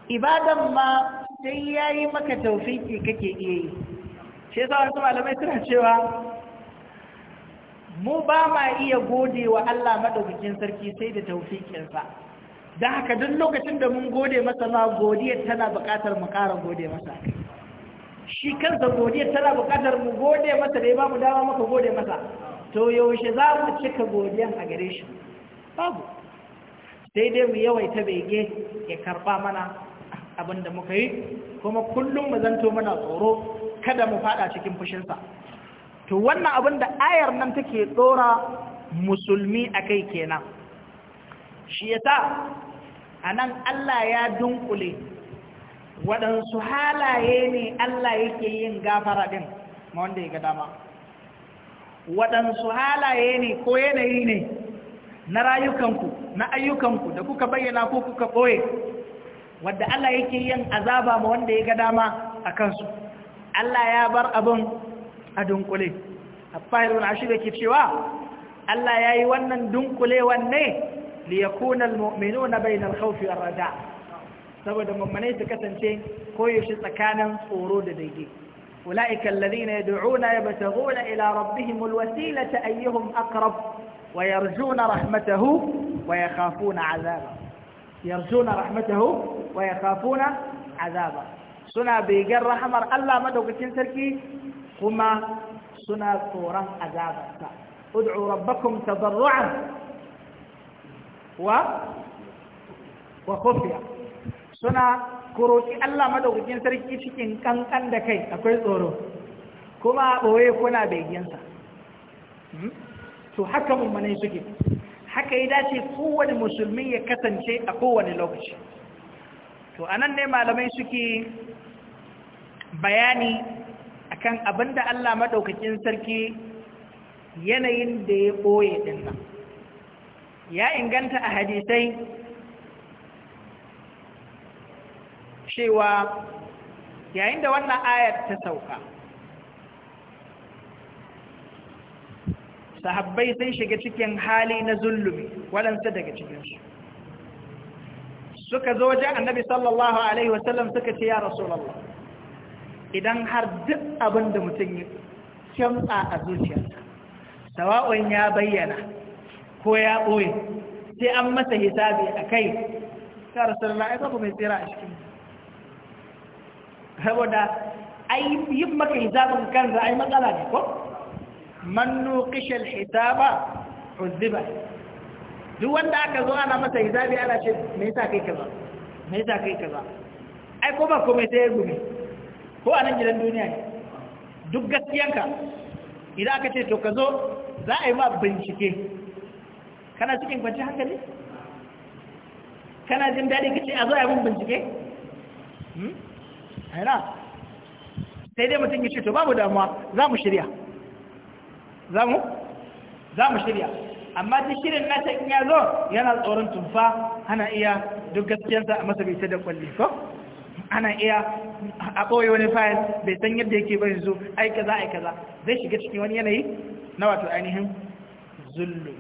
ibadan ma sai ya yi maka taufiki kake iya yi shi yasa wasu malamai suna cewa mu ba ma iya gode wa Allah maɗaukakin sarki sai da taufikinsa Da haka duk lokacin da mun gode masa ma godiyar tana buƙatar mu ƙara gode masa shi kansa godiya tana bukatar mu gode masa da ya bamu dama maka gode masa to yaushe za mu cika godiyan a gare shi babu sai dai mu yawaita bege ya karɓa mana abin da muka yi kuma kullum mu zanto mana tsoro kada mu fada cikin fushinsa to wannan abin da ayar nan take tsora musulmi akai kenan shi yasa a nan Allah ya dunkule waɗansu halaye ne Allah yake yin gafara ɗin ma wanda ya ga dama waɗansu halaye ne ko yanayi ne na rayukanku na ayyukanku da kuka bayyana ko kuka ɓoye wadda Allah yake yin azaba ma wanda ya ga dama a kansu Allah ya bar abin a dunkule a fahirun ashir yake cewa Allah ya yi wannan dunkulewan ne liyakunan mu'minu na bainar khawfi ar-raja' saboda mummunai su kasance koyaushe tsakanin tsoro da daidai أولئك الذين يدعون يبتغون إلى ربهم الوسيلة أيهم أقرب ويرجون رحمته ويخافون عذابه يرجون رحمته ويخافون عذابه سنة بيقر رحمة الله مدوكتين تركي هما سنة طورا عذابه ادعوا ربكم تضرعا و وخفيا suna kuroki Allah madaukakin sarki cikin kankan da kai akwai tsoro kuma ɓoye kuna begiyansa hmm? to haka mummanai suke haka ya dace kowane musulmi ya kasance a kowane lokaci to anan ne malamai suke bayani akan abinda Allah madaukakin sarki yanayin da ya ɓoye ɗin ya inganta a hadisai cewa yayin da wannan ayar ta sauka sahabbai sun shiga cikin hali na zulumi waɗansu daga cikinsu suka zo wajen annabi sallallahu alaihi wasallam suka ce ya rasulallah idan har duk abin da mutum ya kyamsa a zuciyarsa sawa'un ya bayyana ko ya ɓoye sai an masa hisabi a kai ta rasulallah ya zafi mai tsira a cikin saboda ai yi maka hisabin kansa ai matsala ne ko -Mannu kishin hisaba uziba duk wanda aka zo ana masa hisabi ana ce me yasa kai kaza me sa kai kaza ai ko ba komai sai gumi ko a nan gidan duniya ne duk gaskiyanka idan aka ce to ka zo za a yi ma bincike kana cikin kwanci hankali kana jin daɗi ka ce a zo a yi mun bincike hmm? haina sai dai mutum ya ce to babu damuwa za mu shirya za mu za mu shirya amma ta shirin na in ya zo yana tsoron tumfa ana iya duk gaskiyarsa a masa bai da kwalli ko ana iya a ɓoye wani fayil bai san yadda yake bari zo ai kaza ai kaza zai shiga cikin wani yanayi na wato ainihin zullu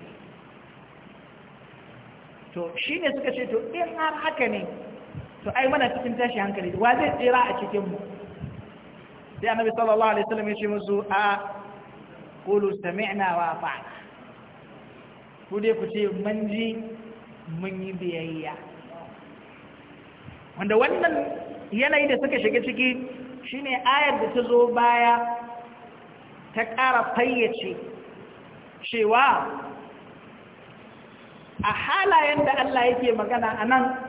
to shi ne suka ce to in har haka ne to ai mana cikin tashi hankali wa zai tsira a cikin mu sai annabi sallallahu alaihi wasallam ya ce musu a qulu sami'na wa ata'na ku dai ku ce mun ji mun yi biyayya wanda wannan yanayi da suka shiga ciki shine ayar da ta zo baya ta ƙara fayyace cewa a halayen da Allah yake magana anan.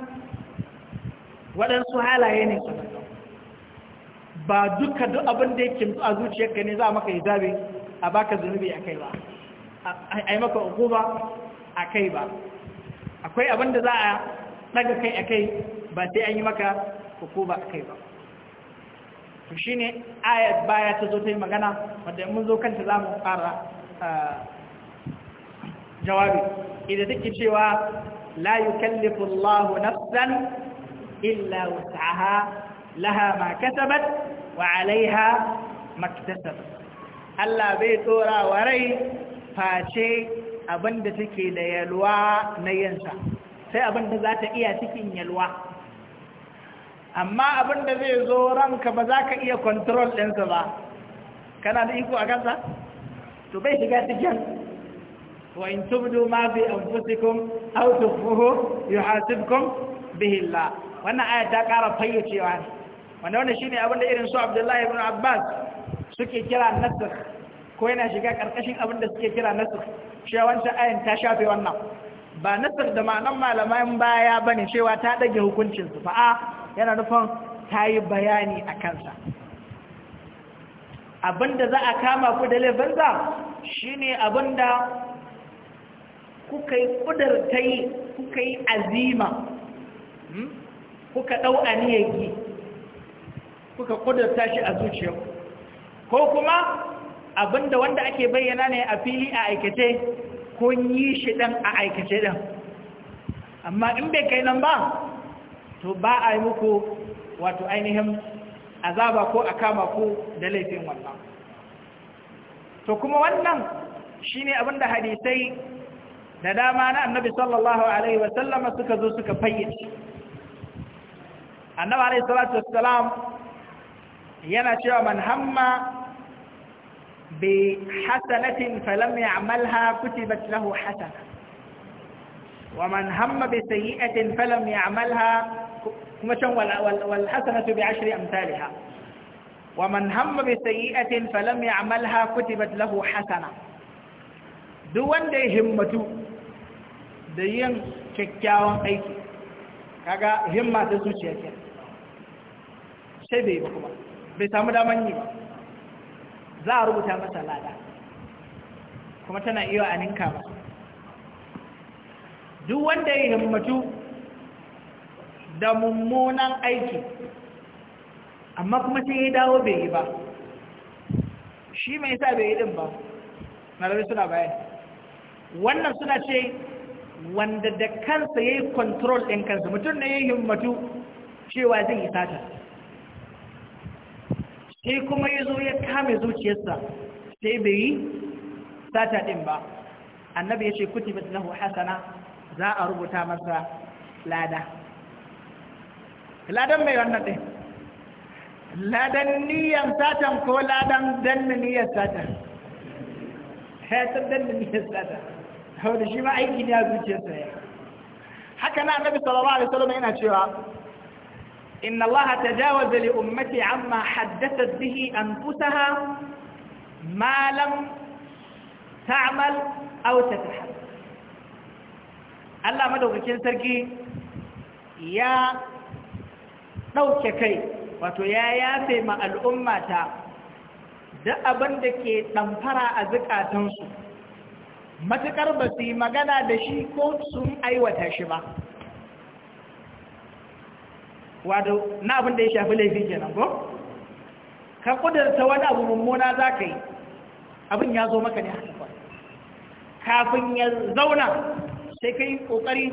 waɗansu halaye ne ba duka duk abin da yake a zuciyarka ne za a maka hisabi a baka zunubi a kai ba a yi maka hukuma a kai ba akwai abin da za a ɗaga kai a kai ba sai an yi maka hukuma a kai ba to shi ne ayat baya ta zo ta yi magana wadda mun zo kanta za mu fara jawabi idan take cewa la yukallifu Allahu nafsan إلا وسعها لها ما كسبت وعليها ما اكتسبت الله بيتورا وري فاشي abinda take da yalwa na yansa sai abinda za ta iya cikin yalwa amma abinda zai zo ranka ba za ka iya kontrol ɗinsa ba kana da iko a kansa? to bai shiga cikin وإن تبدوا ما في أنفسكم أو تخفوه يحاسبكم به wannan aya ta ƙara fayyacewa wanda wanda ne abinda irin su Abdullahi ibn Abbas suke kira Nasir? ko yana shiga karkashin abinda suke kira nasakh cewa wancan ayan ta shafe wannan ba Nasir da ma'anan malaman baya ba ne cewa ta ɗage hukuncin su fa a yana nufin yi bayani a kansa abinda za a kama ku da laifinsa shine abinda kuka yi ta yi kuka yi azima hmm? kuka ɗau aniyarki kuka ƙudurta shi a zuciya ko kuma abinda wanda ake bayyana ne a fili a aikace kun yi shi ɗan a aikace ɗan amma in bai kai nan ba to ba a yi muku wato ainihin azaba ko a kama ku da laifin wannan to kuma wannan shi shine abinda hadisai da dama na annabi sallallahu alaihi wasallama suka zo suka fayyace annabi alayhi salatu wassalam yana cewa man hamma bi hasanatin falam ya'malha kutibat lahu hasana wa man hamma bi sayyi'atin falam ya'malha kuma can wal hasanatu bi ashri amsalha wa man hamma bi sayyi'atin falam ya'malha kutibat lahu hasana duk wanda ya himmatu da yin kyakkyawan aiki kaga himma ta zuciya kenan sai bai ba kuma bai samu daman yi ba za a rubuta masa lada kuma tana iya a ninka ba duk wanda ya himmatu da mummunan aiki amma kuma sai ya dawo bai yi ba shi mai sa bai yi din ba rabi suna bayan wannan suna ce wanda da kansa ya yi control ɗin kansa mutum na ya himmatu cewa zai yi sata sai kuma ya zo ya kame zuciyarsa sai bai yi sata ɗin ba annabi ya ce mai lahu hasana za a rubuta masa lada ladan mai wannan ɗin ladan niyyar satan ko ladan danna niyan satan hayatar danna niyan satan hau da shi ma aiki ne a zuciyarsa ya haka na annabi sallallahu alaihi wasallam yana cewa إن الله تجاوز لأمتي عما حدثت به أنفسها ما لم تعمل أو تتحدث Allah madaukakin sarki ya ɗauke kai wato ya yafe ma al'ummata da abin da ke ɗamfara a zukatansu matuƙar ba su yi magana da shi ko sun aiwata shi ba. wato na abin da ya shafi laifin kenan ko ka kudurta wani abu mummuna za ka yi abin ya zo maka ne haka kwa kafin ya zauna sai ka yi ƙoƙari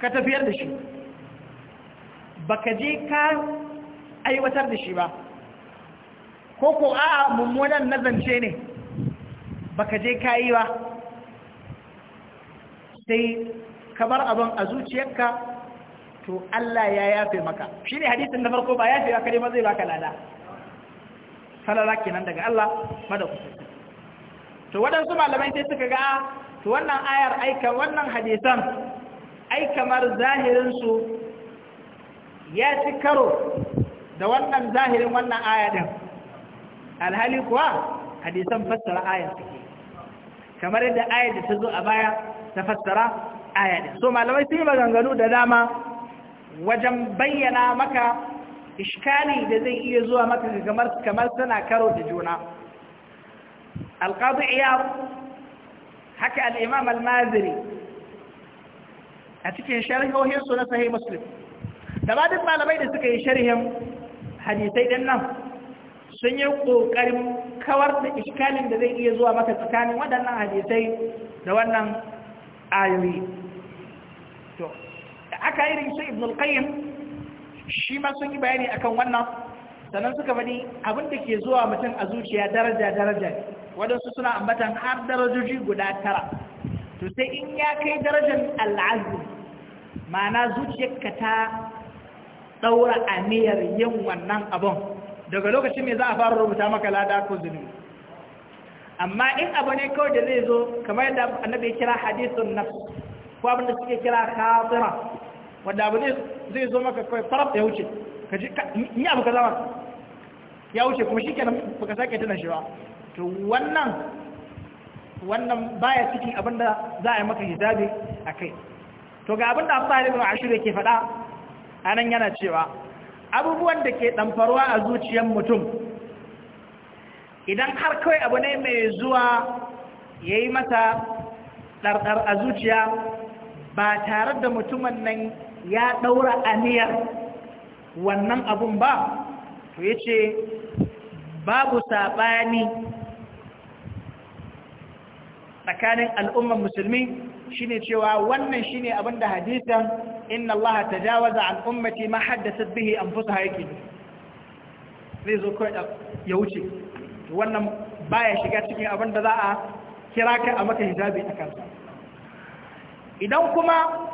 ka tafiyar da shi ba ka je ka aiwatar da shi ba ko ko a mummunan nazance ne ba ka je ka yi ba sai kamar abin a zuciyarka to Allah ya yafe maka shi ne hadisin na farko ba yafe maka ne ma zai baka lada salala kenan daga Allah madaukaki to waɗansu malamai sai suka ga to wannan ayar aika wannan hadisan ai kamar zahirinsu ya ci karo da wannan zahirin wannan aya din alhali kuwa hadisan fassara ayar ke, kamar yadda ayar da ta zo a baya ta fassara aya din so malamai sun yi maganganu da dama wajen bayyana maka iskali da zai iya zuwa maka kamar tana karo da juna alqadi iyar haka al-imam al-maziri a cikin su na sahih muslim da ba duk malamai da suka yi sharhin hadisai din nan sun yi ƙoƙarin kawar da iskalin da zai iya zuwa maka tsakanin waɗannan hadisai da wannan ayoyi aka irin rinsu ibn al-qayyim shi ma sun yi bayani akan wannan sannan suka faɗi abin da ke zuwa mutum a zuciya daraja daraja waɗansu suna ambatan har darajoji guda tara to sai in ya kai darajar al'azu ma'ana zuciyarka ta ɗaura aniyar yin wannan abin daga lokacin me za a fara rubuta maka lada ko zunubi amma in abu ne kawai da zai zo kamar yadda annabi ya kira hadisun nafs ko abin da suke kira kafira wadda abu zai zo maka kawai farab ya wuce ka ni abu ka zama ya wuce kuma shikenan baka sake tana shi ba to wannan wannan baya cikin abinda za a yi maka a kai. to ga abinda Abdullah a Ashur ke faɗa anan yana cewa abubuwan da ke ɗamfarwa a zuciyar mutum idan har kawai abu ne mai zuwa ya yi mata ɗarɗar a zuciya ba tare da mutumin nan ya ɗaura aniyar wannan abun ba to ya ce babu saɓani tsakanin al'ummar musulmi ne cewa wannan shine abin da hadisan inna Allah ta jawaza an ummati ma haddasa bihi an fusa haiki zai zo kawai ya wuce wannan baya shiga cikin abin da za a kira ka a maka hijabi a kansa idan kuma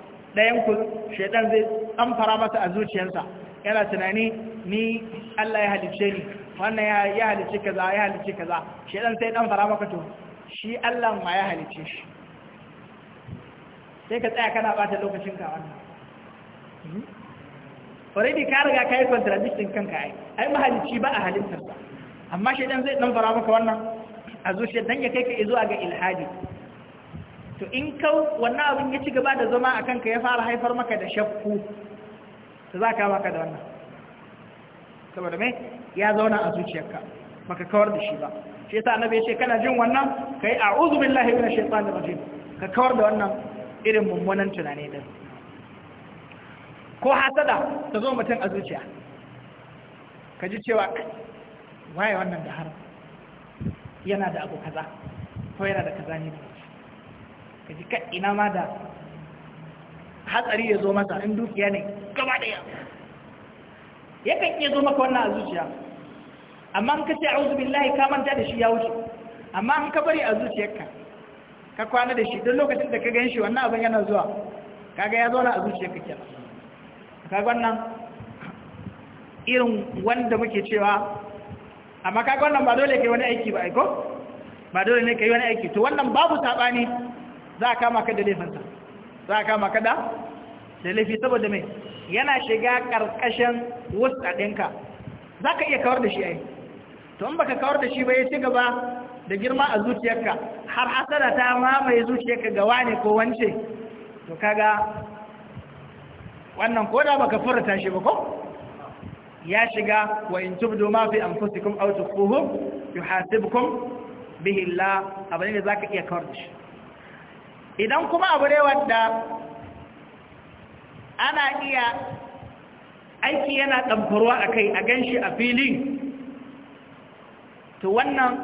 ɗayan ku shaidan zai amfara masa a zuciyarsa yana tunani ni Allah ya halice ni wannan ya halicce kaza ya halicce kaza shaidan sai dan fara maka to shi Allah ma ya halice shi sai ka tsaya kana bata lokacin ka wannan hmm? already ka riga kai contradiction kanka ai ai mahalicci ba a halittarsa amma shaidan zai dan fara maka wannan a zuciyar dan ya kai ka izo ga ilhadi to in kau wannan abin ya ci gaba da zama a kanka ya fara haifar maka da shakku to za ka maka da wannan saboda mai ya zauna a zuciyarka maka kawar da shi ba shi yasa annabi ya ce kana jin wannan Ka kai a'udhu billahi minash shaitanir rajim ka kawar da wannan irin mummunan tunani din ko hasada ta zo mutum a zuciya ka ji cewa waye wannan da har? yana da abu kaza ko yana da kaza ne ka ji kai ina ma da hatsari ya zo masa in dukiya ne gaba daya kan iya zo maka wannan a zuciya amma in ka ce a'udhu billahi ka manta da shi ya wuce amma in ka bari a zuciyarka ka kwana da shi duk lokacin da ka gan shi wannan abin yana zuwa kaga ya zauna a zuciyarka Ka kaga wannan irin wanda muke cewa amma kaga wannan ba dole kai wani aiki ba aiko ba dole ne kai wani aiki to wannan babu sabani za a kama ka da laifinsa za a kama ka da laifi saboda mai yana shiga ƙarƙashin wasu ɗinka za ka iya kawar da shi ai to in baka kawar da shi ba ya ci gaba da girma a zuciyarka har hasara ta mamaye zuciyarka ga wane ko wance to kaga wannan koda baka furta shi ba ko ya shiga wa in tubdu ma fi anfusikum aw tukhfuhu yuhasibukum bihi Allah abin da zaka iya kawar da shi idan kuma abu ne wanda ana iya aiki yana ɗamfarwa a kai a ganshi a fili to wannan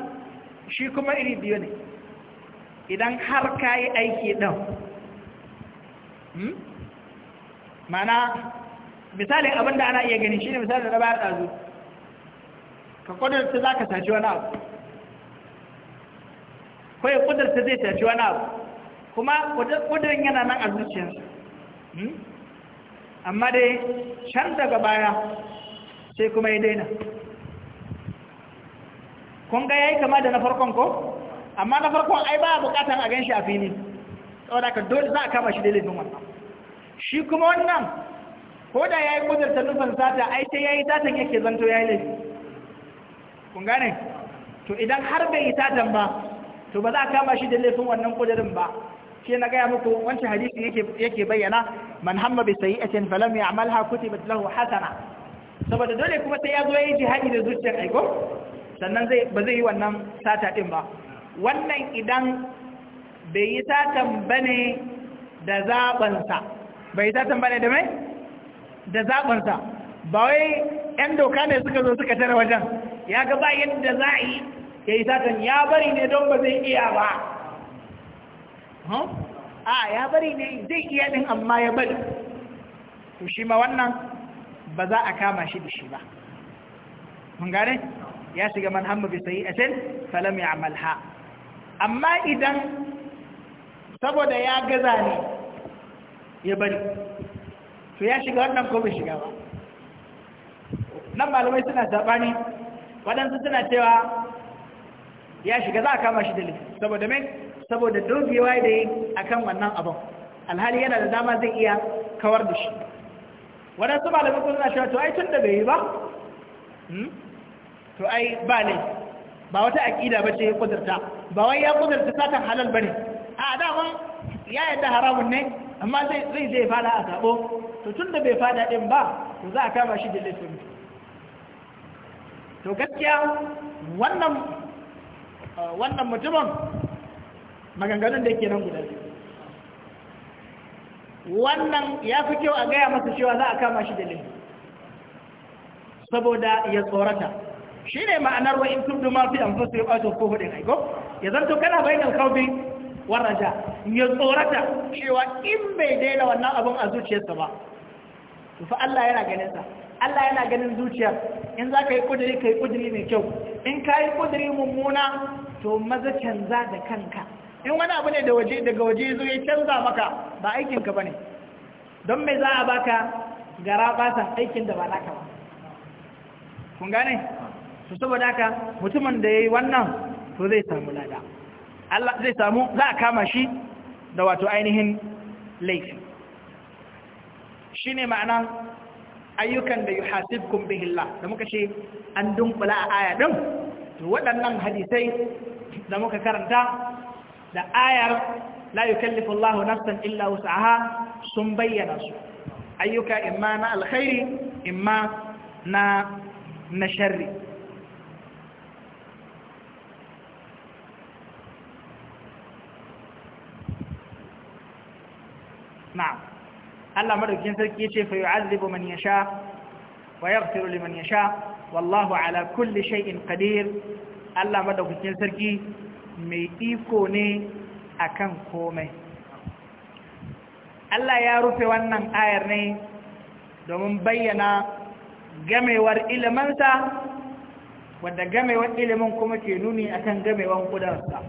shi kuma iri biyu ne idan har ka yi aiki ɗan mana hmm? misalin abinda ana iya gani shi ne misalin da bayar ɗazu ka ƙudurta za ka saci wani abu ko kudurta zai saci wani abu kuma ƙudurin yana nan a zuciyarsa hmm? amma dai can daga baya sai kuma ya daina kun ga ya yi kama da na farkon ko amma na farkon ai ba a bukatan a gan shi a fili tsawada ka dole za a kama shi daidai wannan shi kuma wannan ko da ya yi kudurta nufin sata ai sai ya yi tatan yake zanto ya yi laifi kun gane to idan har bai yi tatan ba to ba za a kama shi da laifin wannan kudurin ba shi na gaya muku wancan hadisi yake yake bayyana man hamma bi fa lam ya'malha kutibat lahu hasana saboda dole kuma sai ya zo yayi jihadi da zuciyar aiko sannan zai ba zai yi wannan sata din ba wannan idan bai yi satan bane da sa bai yi satan bane da mai da sa ba wai yan doka ne suka zo suka tare wajen ya ga ba yadda za a yi ya yi satan ya bari ne don ba zai iya ba a ya bari ne zai iya ɗin amma ya bari to shi ma wannan ba za a kama shi da shi ba mun gane ya shiga man hamma bi sayyi'atin falam ya'malha amma idan saboda ya gaza ne ya bari to ya shiga wannan ko bai shiga ba nan malamai suna sabani waɗansu suna cewa ya shiga za a kama shi da laifi saboda mai saboda dogewa da yi kan wannan abin alhali yana da dama zai iya kawar da shi waɗansu malamai kuma suna cewa to ai tun da bai yi ba hmm? to ai ba ne ba wata aƙida ba ce ya kudurta ba wai ya kudurta satan halal ba ne a daman ya yadda haramun ne amma zai zai fada a sabo to tun da bai fada ɗin ba to za a kama shi da laifin to gaskiya wannan uh, wannan mutumin maganganun da yake nan guda wannan ya fi kyau a gaya masa cewa za a kama shi da laifin. saboda ya tsorata shi ne ma'anar wa'in tubdu ma fi su ya ɓato ko hudin aiko ya zanto kana bai nan kaubi warraja ya tsorata cewa in bai daina wannan abin a zuciyarsa ba tufa Allah yana ganin sa Allah yana ganin zuciyar in za ka yi kudiri ka yi kudiri mai kyau in ka yi kudiri mummuna to maza canza da kanka in wani abu ne daga waje zo ya canza maka ba aikinka ba ne don mai za a baka gara basan aikin da ba naka ba kun gane su saboda haka mutumin da ya yi wannan to zai samu lada Allah zai samu za a kama shi da wato ainihin laifi shi ne ma'anan ayyukan da yi Kumbihilla da muka ce an dunkula a aya ɗin to waɗannan hadisai da muka karanta da ayar la yukallifu Allahu nafsan illa wus'aha sun bayyana su ayyuka imma na alkhairi imma na na sharri na'am Allah madaukakin sarki yace fa yu'adhibu man yasha wa yaghfiru liman yasha wallahu ala kulli shay'in qadir Allah madaukakin sarki mai iko ne a kan komai Allah ya rufe wannan ayar ne domin bayyana gamewar ilimansa wadda gamewar ilimin kuma ke nuni akan gamewar kudarsa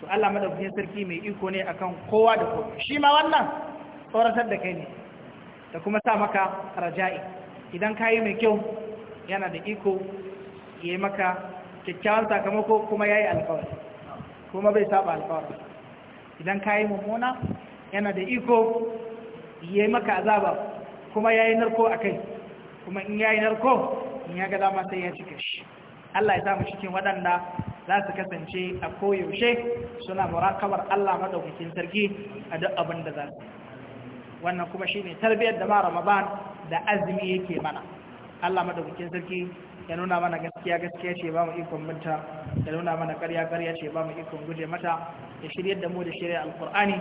to Allah madaukakin sarki mai iko ne a kan kowa da kowa shi ma wannan tsoratar da kai ne da kuma sa maka raja'i idan ka yi mai kyau yana da iko ya yi maka kyakkyawan sakamako kuma ya yi alkawari kuma bai saba alƙawarin idan ka yi mummuna yana da iko ya yi maka azaba kuma ya yi narko a kai kuma in ya yi narko in ya ga dama sai ya cika shi Allah ya samu cikin waɗanda za su kasance a koyaushe suna murakabar Allah maɗaukakin sarki a duk abin da za su wannan kuma shi ne tarbiyyar da ma Ramadan da azumi yake mana Allah maɗaukakin sarki ya nuna mana gaskiya gaskiya ce ba mu ikon binta ya nuna mana karya karya ce ba mu ikon guje mata ya shiryar da mu da shirya alkur'ani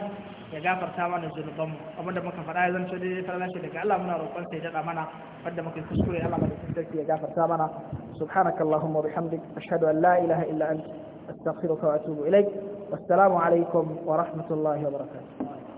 ya gafarta mana zunubanmu abinda muka faɗa ya zanto da fara shi daga Allah muna roƙon sai daɗa mana wanda muka yi kuskure Allah da kusurki ya gafarta mana subhanakallahumma wa bihamdik ashhadu an la ilaha illa anta astaghfiruka wa atubu ilaik wassalamu alaikum wa rahmatullahi wa barakatuh